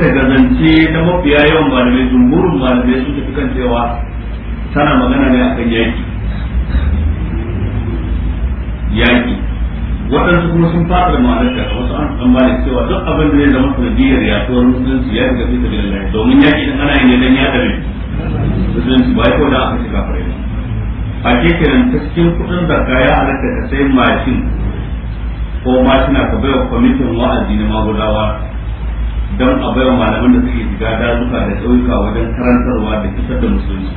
bisa ga na mafiya yawan malamai jumhurin malamai sun tafi kan cewa tana magana ne akan yaki yaki waɗansu kuma sun fara ma'anarka wasu an tsammani cewa duk abin da zai zama sanadiyar yaduwar musulunci ya riga fita bin Allah domin yaki din ana yin dan yada ne musulunci ba ya ko da aka ci kafirai ba a kekiran ta cikin kuɗin da kaya halatta ka sai mashin ko mashina ka bai wa kwamitin wa'azi na magudawa don a baiwa malaman da suke shiga dazuka da tsauka wajen karantarwa da kisar da musulunci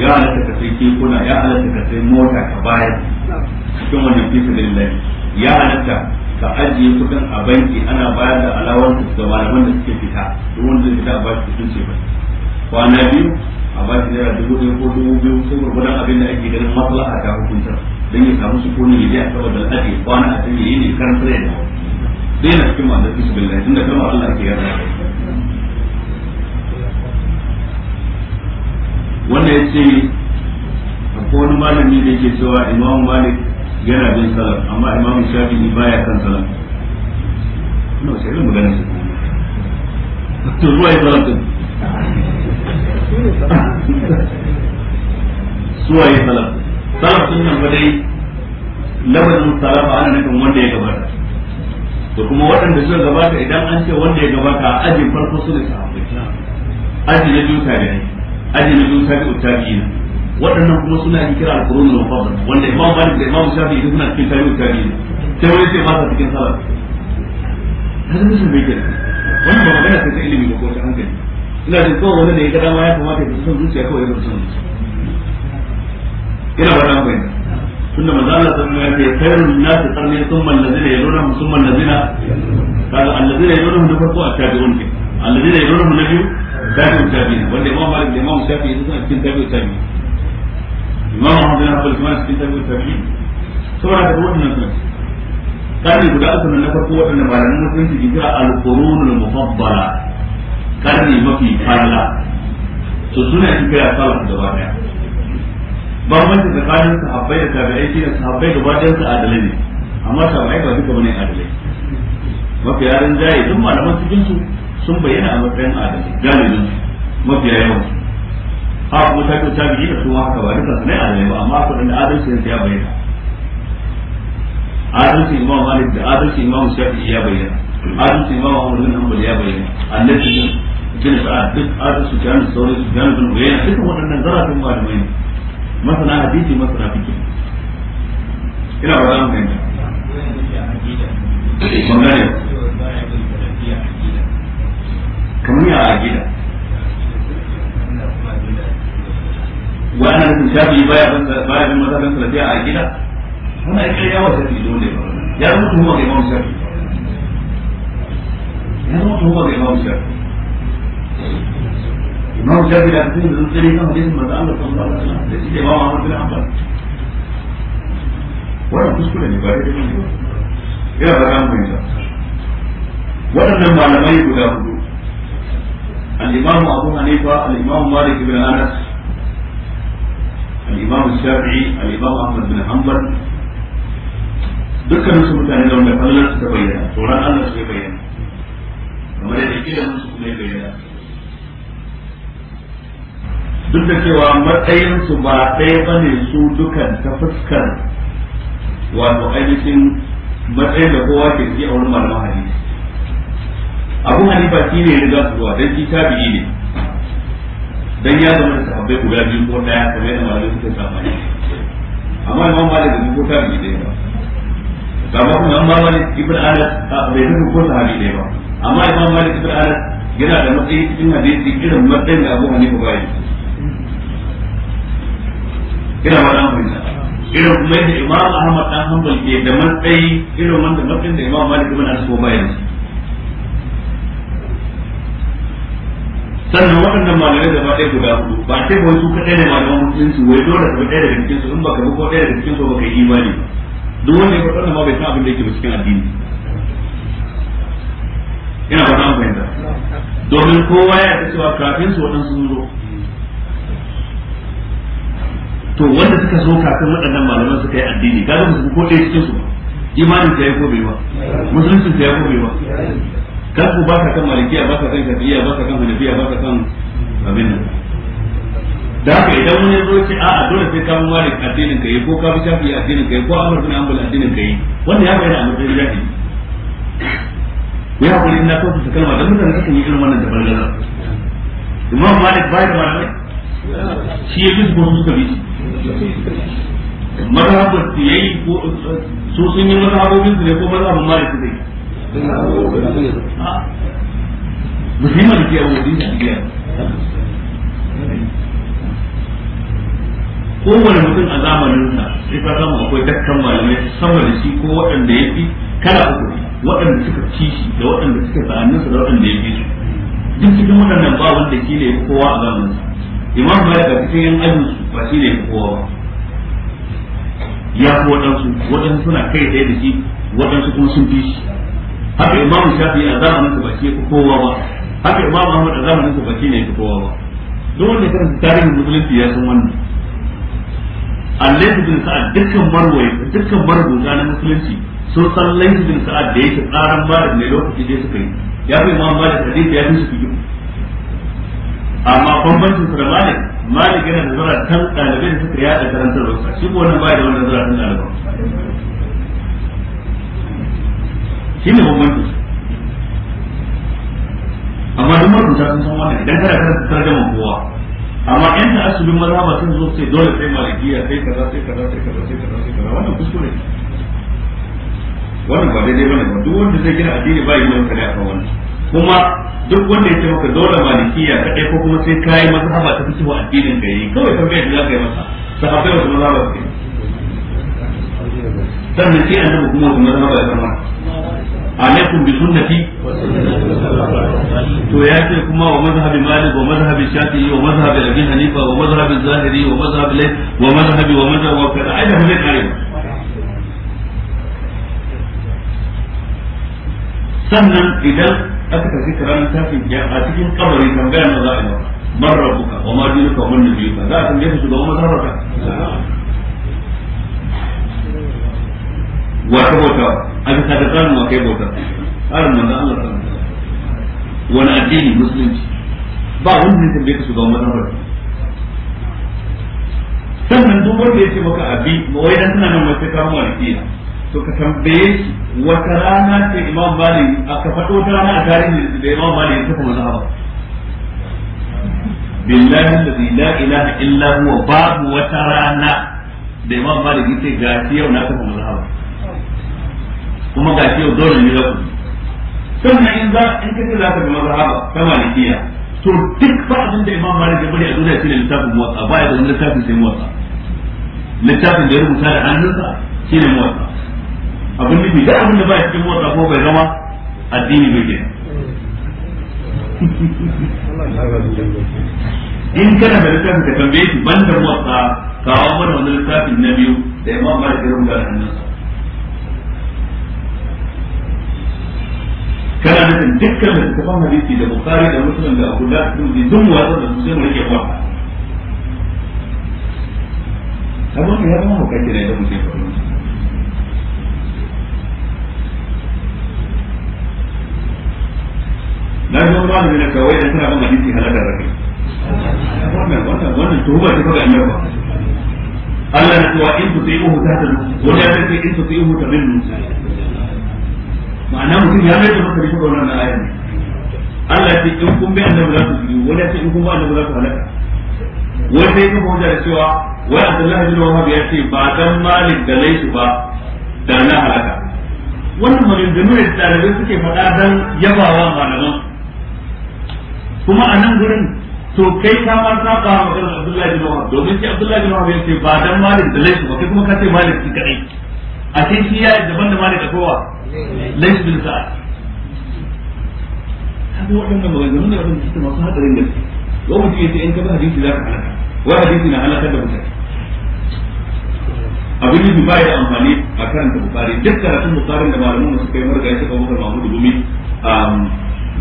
ya halatta ka sai kekuna ya halatta ka sai mota ka bayar cikin wannan fisa lillahi ya halatta ka ajiye kudin a banki ana bayar da alawar da malaman da suke fita duk wanda zai fita a bashi kudin ce ba kwana biyu a bashi naira dubu ɗaya ko dubu biyu sai gurgudan abin da ake ganin maslaha ta hukuntar don ya samu sukuni ya je a saboda al'adi kwana a can ya yi ne karantar da dai yana cikin ma'anar bismillah tunda kalmar Allah ke yarda wanda ya ce akwai wani malami da yake cewa imamu malik yana bin salaf amma imamu shafi'i baya kan salaf ina wasu irin magana su to zuwa yi salaf din zuwa yi salaf salaf din nan ba dai lamarin salaf ana nufin wanda ya gabata da kuma waɗanda suka gabata idan an ce wanda ya gabata a ajin farko su ne sahabbai aji na biyu tabi'ai aji na biyu tabi'u tabi'ina waɗannan kuma suna yin kira al-qurun al-mufaddal wanda imam malik da imam shafi'i duk suna cikin tabi'u tabi'ina sai wani sai ba sa cikin salaf har musu bai kira wannan ba magana ta ilimi da ko ta hankali ina jin kowa wanda ya ga dama ya kamata ya san zuciya kawai ya san zuciya ina ba dan bayyana ثم من قال خير الناس قرني ثم الذين يلونهم ثم الذين قال الذين يلونهم نفرقوا التابعون الذين يلونهم نبيوا تابعوا التابعين والإمام مالك الإمام الشافعي يقول لك كن تابعوا التابعين الإمام أحمد بن أبو الإسماعيل كن تابعوا التابعين ثم لا تقولوا أن الناس قال لي بدأت من نفر قوة أن بعد أن نفرقوا في جهة القرون المفضلة قال لي مكي فعلا سنة كبيرة صارت دوارها bambanci tsakanin sahabbai da tabi'ai shine sahabbai gaba ɗayan su adalai ne amma tabi'ai ba duka bane adalai mafi yaran jaye duk malaman cikin su sun bayyana a matsayin adalai galibin su mafiya yawan su ha kuma ta kyauta biyi da su haka ba duka su adalai ba amma kuɗin da adalci yanzu ya bayyana adalci imam malik da adalci imam shafi ya bayyana adalci imam ahmad bin hanbal ya bayyana annabi bin sa'ad duk adalcin jami'in sauran su jami'in bayyana dukkan waɗannan zarafin malamai ne masana hadisi masana fiki ina ba za mu fahimta kamar ya wa shafi baya bin salafiya a wannan ya dole ba ya zama tuhuma ga imam shafi ya zama tuhuma ga imam shafi الإمام الشافعي الأنسين أن سبيل إنه حديث متعلق صلى الله عليه وسلم ليس الإمام عمر بن حنبل ولا تذكر أن يبقى إلى بقى إيه مميزة وأن المعلمين ولا هدوء الإمام أبو حنيفة الإمام مالك بن أنس الإمام الشافعي الإمام أحمد بن حنبل dukkanin su mutane da wanda kallon su ta bayyana tsoron Allah su ya bayyana kamar yadda duk da cewa matsayinsu ba ɗaya ba ne su dukan ta fuskar wato ainihin matsayin da kowa ke ji a wurin malaman hadisi abu hanifa shi ne za su zuwa don shi tabi'i ne dan ya zama da sahabbai guda biyu ko ta kamar yadda malamai suka samu ne amma imam malik da ko tabi'i ne ba kama kuma imam ne ibn anas bai zama ko sahabi ne ba amma imam malik ibn anas yana da matsayi cikin hadisi irin matsayin da abu hanifa ba yi ina ma dan fahimta ina kuma yadda imam ahmad dan hanbal ke da matsayi irin wanda matsayin da imam malik ibn anas ko bayan sannan waɗannan malamai da ba ɗaya guda hudu ba ce ba su kaɗai ne malaman musulunci wai dole ka bi ɗaya daga cikin su in ka bi ko ɗaya daga cikin su ka yi imani duk wanda ya faɗa wannan ma bai san abin da yake ba cikin addini ina ba ta fahimta domin kowa ya ta cewa kafin su waɗansu sun zo to wanda suka zo kafin waɗannan malaman suka yi addini ga musu ko ɗaya cikin su imanin ta yi ko bai ba musulunci ta yi ko bai ba kan ku ka kan malikiya ka kan ba ka kan hanafiya ka kan abin nan da haka idan wani zo ce a'a dole sai ka mu wani addinin ka yi ko ka bi shafi'i addinin ka yi ko amr bin ambal addinin ka yi wanda ya bayyana a matsayin jahi ya hakuri ina kawo su kalma don mutane sukan yi irin wannan da balgaza imam malik bai da malamai shi ya bi su ko su suka bi shi mazhabar su ko su sun yi mazhabobin su ne ko mazhabin ke yawon kowane mutum a zamaninsa sai ka samu akwai dakkan malamai sama da shi ko waɗanda ya fi kala uku waɗanda suka da waɗanda suka da waɗanda ya su duk cikin waɗannan ba wanda kila ne kowa a zamaninsa imam ba da cikin yan ajin su ba shi ne kowa ba ya fi waɗansu waɗansu suna kai tsaye da shi waɗansu kuma sun fi shi haka imam shafi a zamanin ba shi kowa ba haka imam ahmad a zamanin ba shi ne kowa ba duk wanda karanta tarihin musulunci ya san wannan Allah bin sa'ad dukkan marwai dukkan marubuta na musulunci sun san laifin bin sa'ad da yake tsaran da ne lokaci da suka yi ya fi imam da hadisi ya fi su fi amma bambancin su da malik malik yana da zura kan ɗalibai da suka yada karantar wasa shi ko wannan bai da wannan zura kan ɗalibai shi ne bambancin amma duk mutum ta san wannan idan kana karanta tarjaman kowa amma yan ta asubin mazhaba sun zo sai dole sai malikiya sai kaza sai kaza sai kaza sai kaza sai kaza wannan kuskure ne wannan ba daidai bane ba duk wanda zai gina addini ba yi wani kare a kan wannan kuma duk wanda ya ce maka dole malikiya kadai ko kuma sai kayi mazhaba ta fito addinin ka yi kawai tambayar da zaka yi masa sahabbai wasu mazhaba su sannan sai annabi kuma wasu mazhaba ya san masa alaikum bi sunnati to ya ce kuma wa mazhabi malik wa mazhabi shafi'i wa mazhabi abi hanifa wa mazhabi zahiri wa mazhabi lay wa mazhabi wa mazhabi wa kada ai da zai kare sannan idan aka tafi ta ranar tafi kiyama a cikin kabari tambayar da za'a a yi maka man rabbuka wa ma dinuka wa biyu nabiyuka za a tambaye wani shugaban mazhabarka wata bauta a ka da tsarin wa kai bauta tsarin wanda an sallallahu wani addini musulunci ba wani ne tambaye wani shugaban mazhabarka sannan duk wanda ya ce maka abi ba wai dan tana nan wai kamar wani mu to ka tambaye shi wata rana ce imam malik aka faɗo ta rana a tarihin da imam malik ya tafi mazhaba billahi alladhi la ilaha illa huwa babu wata rana da imam malik yace ga shi yau na tafi mazhaba kuma ga shi yau dole ne zaku sannan in za in kace za ka bi mazhaba ta malikiya to duk ba abin da imam malik ya bari a duniya shine littafin muwatta ba ya da littafin sai muwatta littafin da ya rubuta da hannunsa shine muwatta abin nufi da abin da ba cikin motsa ko bai zama addini bai kenan in kana da littafin ka tambaye shi ban da motsa kawo mana wani littafin na biyu da imam malik ya rubuta hannunsa kana nufin dukkan littafin hadisi da bukari da muslim da abu da duk duk wasan da su sai mu rike kwa kamar ya zama hukaki da ya zama na ji wani da na kawai da tana ban hadisi halakar rakai wannan wannan wannan tuhuma ce kawai annabi Allah na cewa in tuti'uhu tahtadu wani ya ce in tuti'uhu tadillu ma'ana mutum ya mai da maka rishi da wannan ne Allah ya ce in kun bi annabi za ku ji wani ya ce in kun bi annabi za ku halaka wani sai kuma hujja da cewa wai Abdullahi bin Wahab ya ce ba dan Malik da Laisu ba da na halaka wannan maganganu ne da ɗalibai suke faɗa dan yabawa malaman kuma a nan gurin to kai ka ma saba wa maganar Abdullahi bin Umar domin sai Abdullahi bin Umar yace ba dan Malik da laifi ba kai kuma ka ce Malik ki kadai a kai shi ya daban da Malik da kowa laifi bin Sa'ad kaga waɗannan maganganun da abin da masu hadarin gaske wa mutum yace in ka ba hadisi za ka halaka wa hadisi na halaka da mutane abin da ba ya amfani a da bukari duk karatun bukarin da malamin da suka yi marga ya taɓa bukar mahmudu gumi um,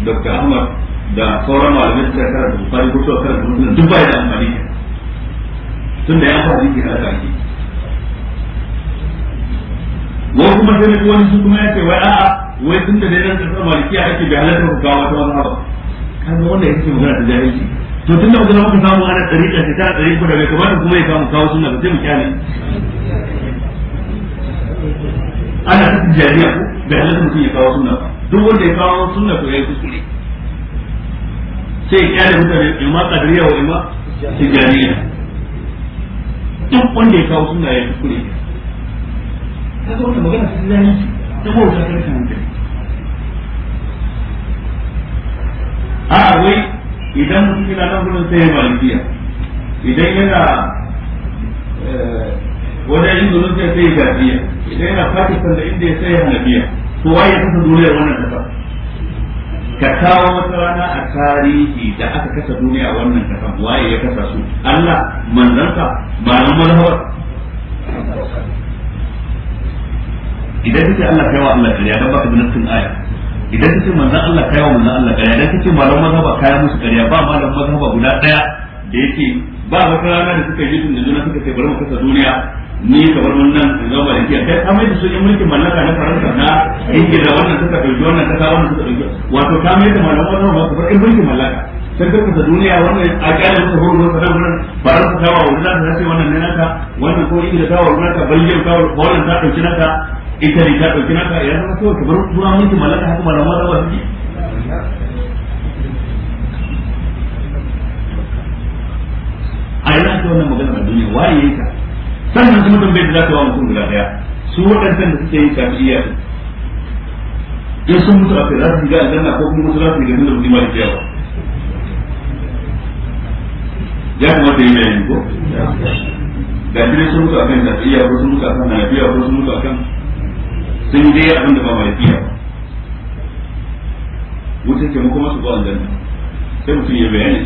Dr. Ahmad da sauran malamai suka karanta bukari ko suka karanta musulun duk bai da amfani tun da ya jiki zikir da ake wani kuma sai na wani su kuma ya ce wai a'a wai tun da dai nan kasar malikiya ake bi halatta ku kawo ta wani haba kan ga wanda yake magana da jahilci to tun da kuma muka samu ana tsari ce ta tsarika da bai kamata kuma ya samu kawo sunna ba sai mu kyale ana tafi jariya ko bai halatta mutum ya kawo sunna ba duk wanda ya kawo sunna to ya yi kuskure sai ya kyale mutane imma qadariya wa ima tijaniya duk wanda ya kawo suna ya kuskure ka zo da magana sun zai ta ko ta a wai idan mutum yana nan gudun sai ya malikiya idan yana eh, wajen yin gudun sai ya gajiya idan yana pakistan da inda ya sai ya hanabiya to waye ya kasa duniyar wannan kasa ka kawo wata rana a tarihi da aka kasa duniya wannan kasan waye ya kasa su Allah manzansa malam malhawar idan kace Allah kaiwa Allah kariya dan ka da nassin aya idan kace manzan Allah kaiwa manzan Allah kare idan kace malam mazhaba kaya musu kare ba malam mazhaba guda daya da yake ba wata rana da suka yi da juna suka ce bari mu kasa duniya ni kamar wannan da zama da kiyar kai amai da su yan mulkin mallaka na faransa na da wannan suka dauki wannan kasa wannan suka dauki wato ka mai da malaman wannan ba kamar yan mulkin mallaka sai ka kasa duniya wannan a kyale musu horo musu nan wannan faransa ta wa wurin ta sai wannan ne naka wannan ko ingila ta wa wurin ta belgium ta wa wannan ta dauki naka italy ta dauki naka ya zama kawai kamar suna mulkin mallaka haka malaman da ba su a yana ta wannan magana a duniya waye ya sannan kuma bai da zakawa mutum guda daya su waɗancan da suke yin shafi'iyya in sun mutu a kai za su shiga aljanna ko kuma su za su shiga da mutum mai kyau yawa ya kamata yi yayin ko da shi sun mutu a kan shafi'iyya ko sun mutu a kan hanafiya ko sun mutu a kan sun yi dai abin da ba mai kyau wuce ke makoma su ba aljanna sai mutum ya bayani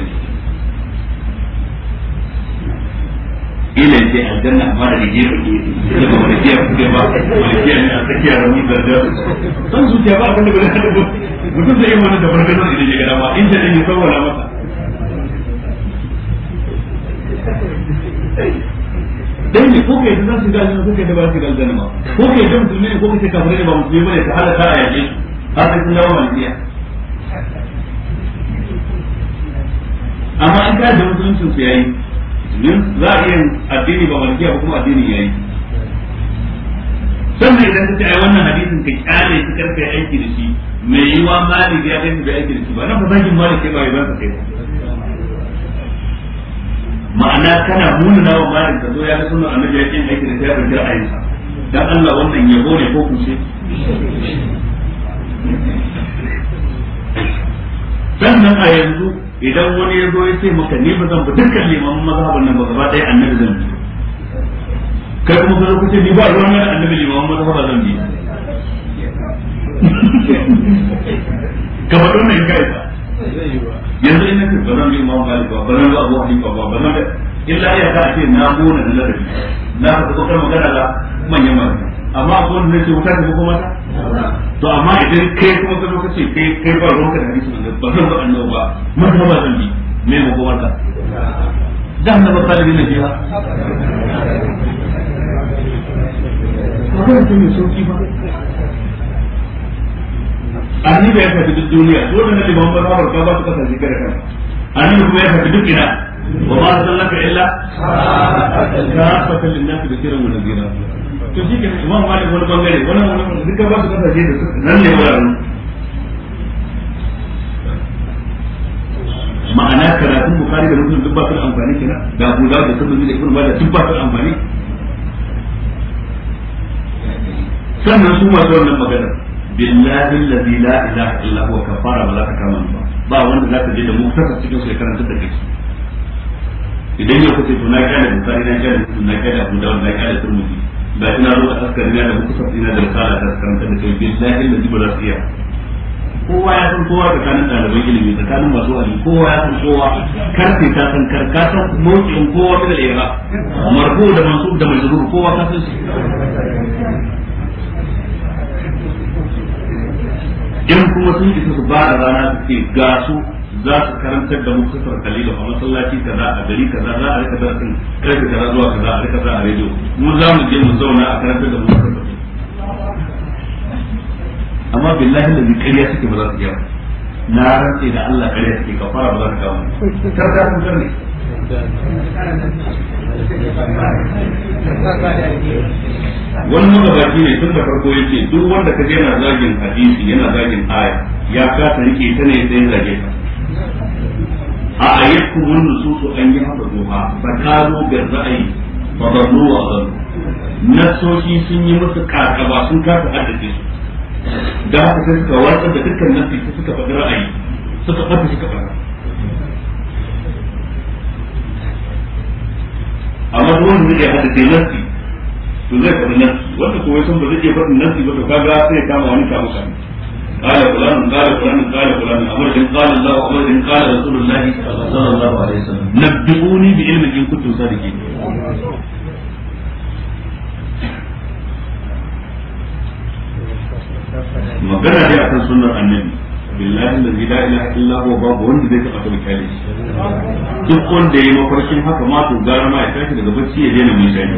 kila yace aljanna amma da ba kuke ba ne a tsakiya rauni da da san zuciya ba abin da ba da mutum zai yi wani da gada ba ne masa dan ne ko kai ko kai da ba ba ko kai ne ko kai ne ba ka halaka a yaje har sai dawo malikiya amma ka da mutuncin su yayi za a iya addini ba malikiya ba kuma addini ya yi sannan idan ta ai wannan hadisin ka kyale shi karfe aiki da shi mai yiwa malik ya gani da aiki da shi ba na fasakin malik ba ya zanta kai ma'ana kana nuna nawa malik ka zo ya ga sunan annabi ya kin aiki da shi ya jira ra'ayin sa dan Allah wannan yabo ne ko kuce sannan a yanzu idan wani ya zo ya ce maka ni ba zan fitar kan limamin mazhaban nan ba gaba ɗaya annabi zan bi kai kuma ka kuce ni ba ruwan nan annabi limamin mazhaban zan bi kamar ɗaya ne kai ba yanzu ina ce ba zan bi imam malik ba ba zan bi abu hanifa ba ba zan illa ya ta ce na gona da ladabi na ka kuma magana da manyan malamai amma a kowane zai ce wuta ta kuma to amma idan kai kuma ka zo kai kai ba ruwan ka da hadisi ba zan ba annabi ba mun ba zan bi me mu ka dan da ba ne biya ba ba ta mai ba annabi ya tafi duk duniya dole ne liman ba rawar ka ba su kasance kare annabi kuma ya tafi duk ina wa ba sallaka illa ka fa nafi da kiran wa nazira to shi ke imam malik wani bangare wani wani duka ba su da nan ne ma'ana karatun bukari da muslim duk ba su da amfani kina da guda da sun tabbaci da ba da duk ba su da amfani sannan su masu wannan magana billahi allazi la ilaha illa huwa kafara ba za ka kama ba ba wanda za ka je da muktasar cikin su ya karanta da kai idan ya kuce to na kana bukari na kana muslim na kana abu dawud na kana da ina ruwa askarina da muku ina da misala ta karanta da kai da kowa ya san kowa ɗaliban ilimi tsakanin masu wani kowa ya san kowa karfe ta san karka san motsin kowa da lera marko da masu da kowa ta san in kuma sun isa su ba da rana suke gasu za su karantar da muktasar kalila a masallaci kaza a gari kaza za a rika darasin karfe kaza zuwa kaza a rika za a rediyo mu za mu je mu zauna a karantar da muktasar kalila amma billahi da zikariya suke ba za su gyara na rantse da Allah kariya suke ka fara ba za su kawo kar da kun karne Wannan magabaci ne tun da farko yake duk wanda ka je na zagin hadisi yana zagin aya ya kasa rike ta ne sai zage ka a ayyukum su nususu an yi haka duha fa kalu bi ra'ayi fa a wa dallu nasoshi sun yi musu kakaba sun kafa haddace su da haka sai suka watsar da dukkan su suka faɗi ra'ayi suka faɗi suka faɗa amma duk wanda zai haddace nasi to zai faɗi nasi wanda kowa sun ba zai iya faɗin nasi ba to kaga sai kama wani kamu kamu قال فلان قال فلان قال فلان أمر قال الله أمر قال رسول الله صلى الله عليه وسلم نبئوني بعلم إن كنتم صادقين magana dai akan sunnar annabi billahi allazi la ilaha illa huwa babu wanda zai taba tabbata duk wanda yayi mafarkin haka ma to gara ma ya tashi daga bacci ya daina mai shani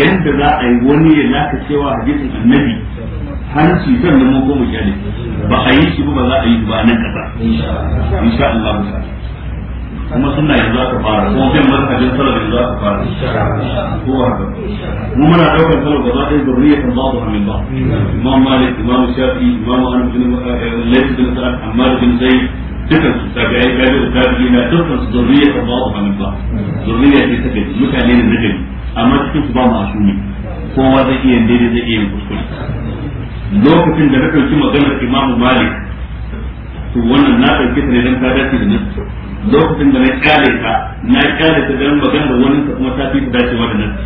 yanda za a yi wani ya laka cewa hadisin annabi hanci kan da mu ko mu kyale ba a yi shi ba za a yi ba nan kasa insha Allah ta'ala kuma suna yanzu aka fara manhajin yanzu aka fara mu muna daukar ba su min ba imam malik imam shafi imam bin eh, bin sa'ad ammar bin zaid dukkan su ta gaya gaya da na dukkan su ba min ba ta mutane ne amma cikin su ba ne kowa zai iya daidai zai iya kuskure lokacin da na ɗauki maganar imamu malik to wannan na ɗauki ta ne don ta dace da nasu lokacin da na kyale ta na kyale ta don maganar wani ta kuma ta fi ta dacewa da nasu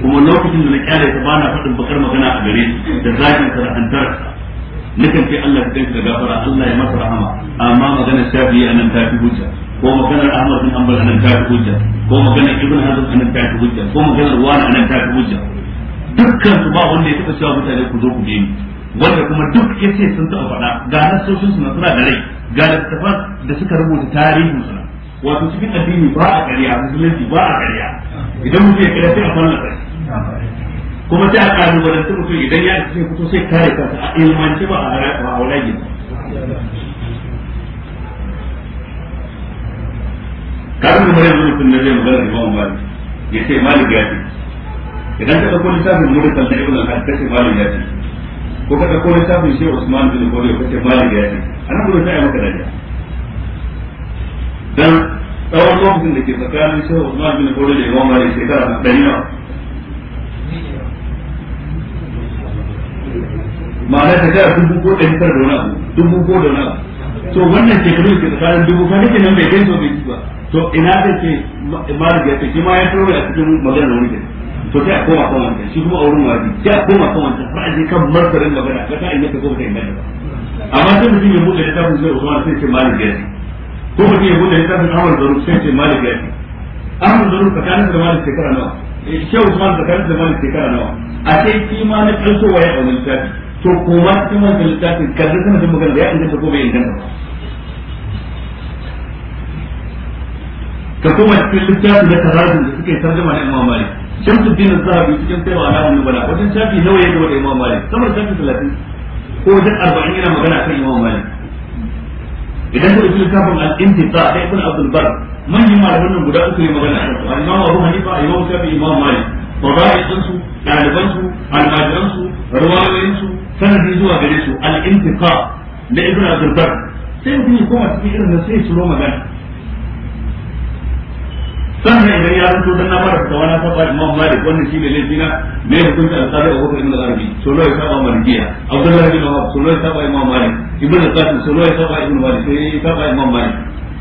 kuma lokacin da na kyale ta ba na faɗin bakar magana a gare da zafin sa da na kan ce Allah ya kai da gafara Allah ya masa rahama amma maganar shafi anan ta fi hujja ko maganar Ahmad bin Hanbal anan ta fi hujja ko maganar Ibn Hazm anan ta fi hujja ko maganar Wani anan ta fi hujja dukkan su ba wanda ya taɓa cewa mutane ku zo ku bi wanda kuma duk ya ce sun taɓa faɗa ga nasoshin su na suna da rai ga littafan da suka rubuta tarihin su wato cikin addini ba a ƙarya musulunci ba a ƙarya idan mutum ya ƙarya sai a fallasa kuma sai a taɓa mutum idan ya ce fito sai kare kansa a ilmance ba a wala karin da mara yanzu mutum na zai magana da imam ya ce malik ya ce idan ka dauko littafin mu da kallon ibn al-hadd kace malik ya ce ko ka dauko littafin shi Usman bin Bodo kace malik ya ce anan gurin sai maka dariya dan tsawon lokacin da ke tsakanin shi Usman bin Bodo da Imam Malik shekara 100 nawa ma'ana ta jira dubu ko ɗari tara da wani abu dubu ko da wani abu to wannan shekaru ke tsakanin dubu ka nake nan bai kai so bai ba to ina da ke malik ya ce shi ma ya taro a cikin maganar wani kenan to sai a koma kan wancan shi kuma auren wadi sai a koma kan wancan har a je kan martarin magana ka ta inganta ko ta inganta amma sai mutum ya buɗe littafin sai usman sai ce malik ya ko mutum ya buɗe littafin amur zaruf sai ce malik ya ce amur zaruf kanin da malik shekara nawa eh, shehu usman kanin da malik shekara nawa a kai kima ma na ƙarsowa ya ɗauki littafi to koma cikin wancan littafin kaza sana da magana ya inganta ko bai inganta ba ka kuma cikin littafin na tarajin da suke tarjama na imam malik shamsuddin az-zahabi cikin sai a wannan bala wajen shafi nawa yake wa imam malik kamar shafi 30 ko wajen arba'in yana magana kan imam malik idan ka ɗauki littafin al a da ibn abdul bar manyan malaman nan guda uku ne magana kan su al-imam abu hanifa imam shafi imam malik fadailin su ɗaliban su almajiran su ruwayoyin zuwa gare su al na da ibn abdul bar sai mutum ya koma cikin irin da sai ya ciro magana sannan idan ya fito dan na fara fitawa na saba imam malik wannan shine laifi na me hukunta da qadi Abu Bakar ibn al-Arabi solo ya saba marjiya Abdullah ibn Wahab solo ya saba imam malik ibn al-Qasim solo ya saba ibn malik sai ya saba imam malik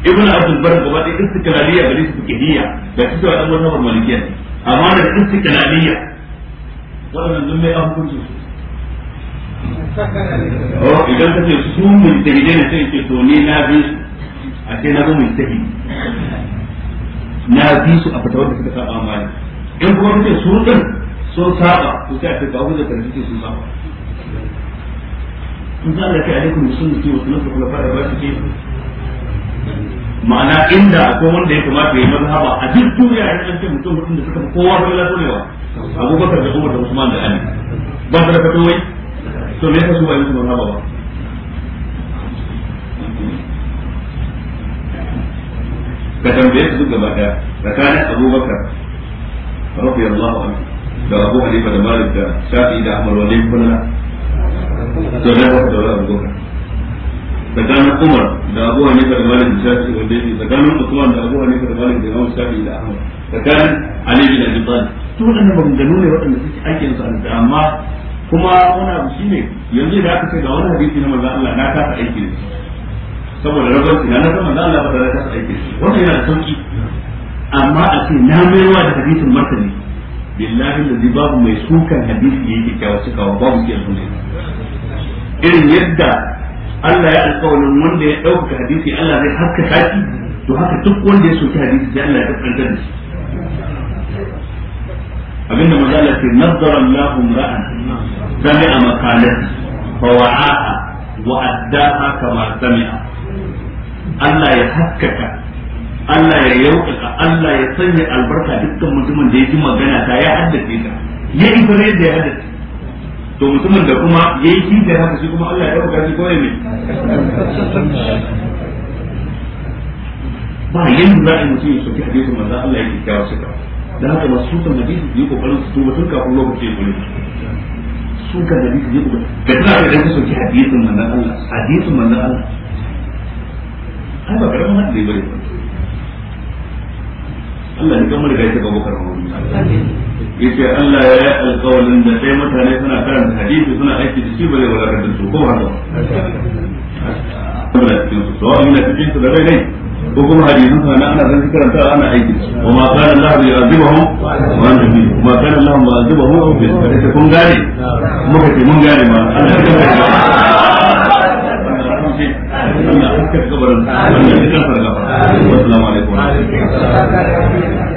ibn Abdul Barr gaba da istiqlaliya da istiqhiyya da su da wannan mazhab malikiyya amma da istiqlaliya wannan dun mai hukunci oh idan ka ce su mun tare ne sai ke to ni na bi a ce na mun tare na bi su a fata wanda suka saba mali in kuma mutum su din sun saba to sai a ce ga hujjar da kike sun saba in za a kai alaikum sunnati kuma fara ba su ke ma'ana inda akwai wanda ya kamata ya mazhaba a duk duniya ya an mutum mutum da suka fi kowa sun lafiya abubakar da umar da musamman da ani ba su da fatawai to me yasa su ba yin su mazhaba ba ka tambaye su duk gaba daya tsakanin abubakar radiyallahu anhu da abu hanifa da malik da shafi da ahmad wani kullana to da ba da abubakar tsakanin umar da abu hanifa da malik da shafi wanda yake tsakanin usman da abu hanifa da malik da imam shafi da ahmad tsakanin ali bin abi talib to wadannan maganganu ne suke su amma kuma wani abu shine yanzu da aka ce ga wani hadisi na manzon Allah na kasa aiki da saboda rabar tunanin sama za Allah ba ta aiki wannan yana da sauki amma a ce na maiwa da hadisin martani billahi da babu mai sukan hadisi yake kyawa cikawa babu ke sunan irin yadda Allah ya alƙawarin wanda ya ɗaukaka hadisi Allah zai haska taki to haka duk wanda ya soki hadisi sai Allah ya kaskantar da shi abinda maza Allah ce nazzara Allahu ra'an sami'a maqalat fa wa'aha wa addaha kama sami'a Allah ya haskaka Allah ya yaukaka Allah ya sanya albarka dukkan mutumin da ya ji magana ta ya haddace ta ya yi fara yadda ya haddace to mutumin da kuma ya yi kinta haka shi kuma Allah ya yaukaka shi kawai mai ba yanda za a yi mutum ya soke a jesu maza Allah ya kyakkyawa shi suka da haka masu sukan hadisi su yi kokarin su tuba tun kafin lokaci ya kure sukan hadisi su yi kokarin da tana da soke hadisin manzan Allah hadisin manzan Allah ai ba karamin haɗari ba ne Allah ne kamar da ya taɓa bakar wani yace Allah ya yi alƙawarin da sai mutane suna karanta hadisi suna aiki da shi ba wala wadatar su ko haka ba sawa ina cikin su da rai ne ko kuma hadisin sa na ana zanci karanta ana aiki wa ma kana Allah ya wa anta bi ma kana Allah ma kun gane muka ce mun gane ma Allah ya ce Allah ka kabarin Allah ka kabarin assalamu alaikum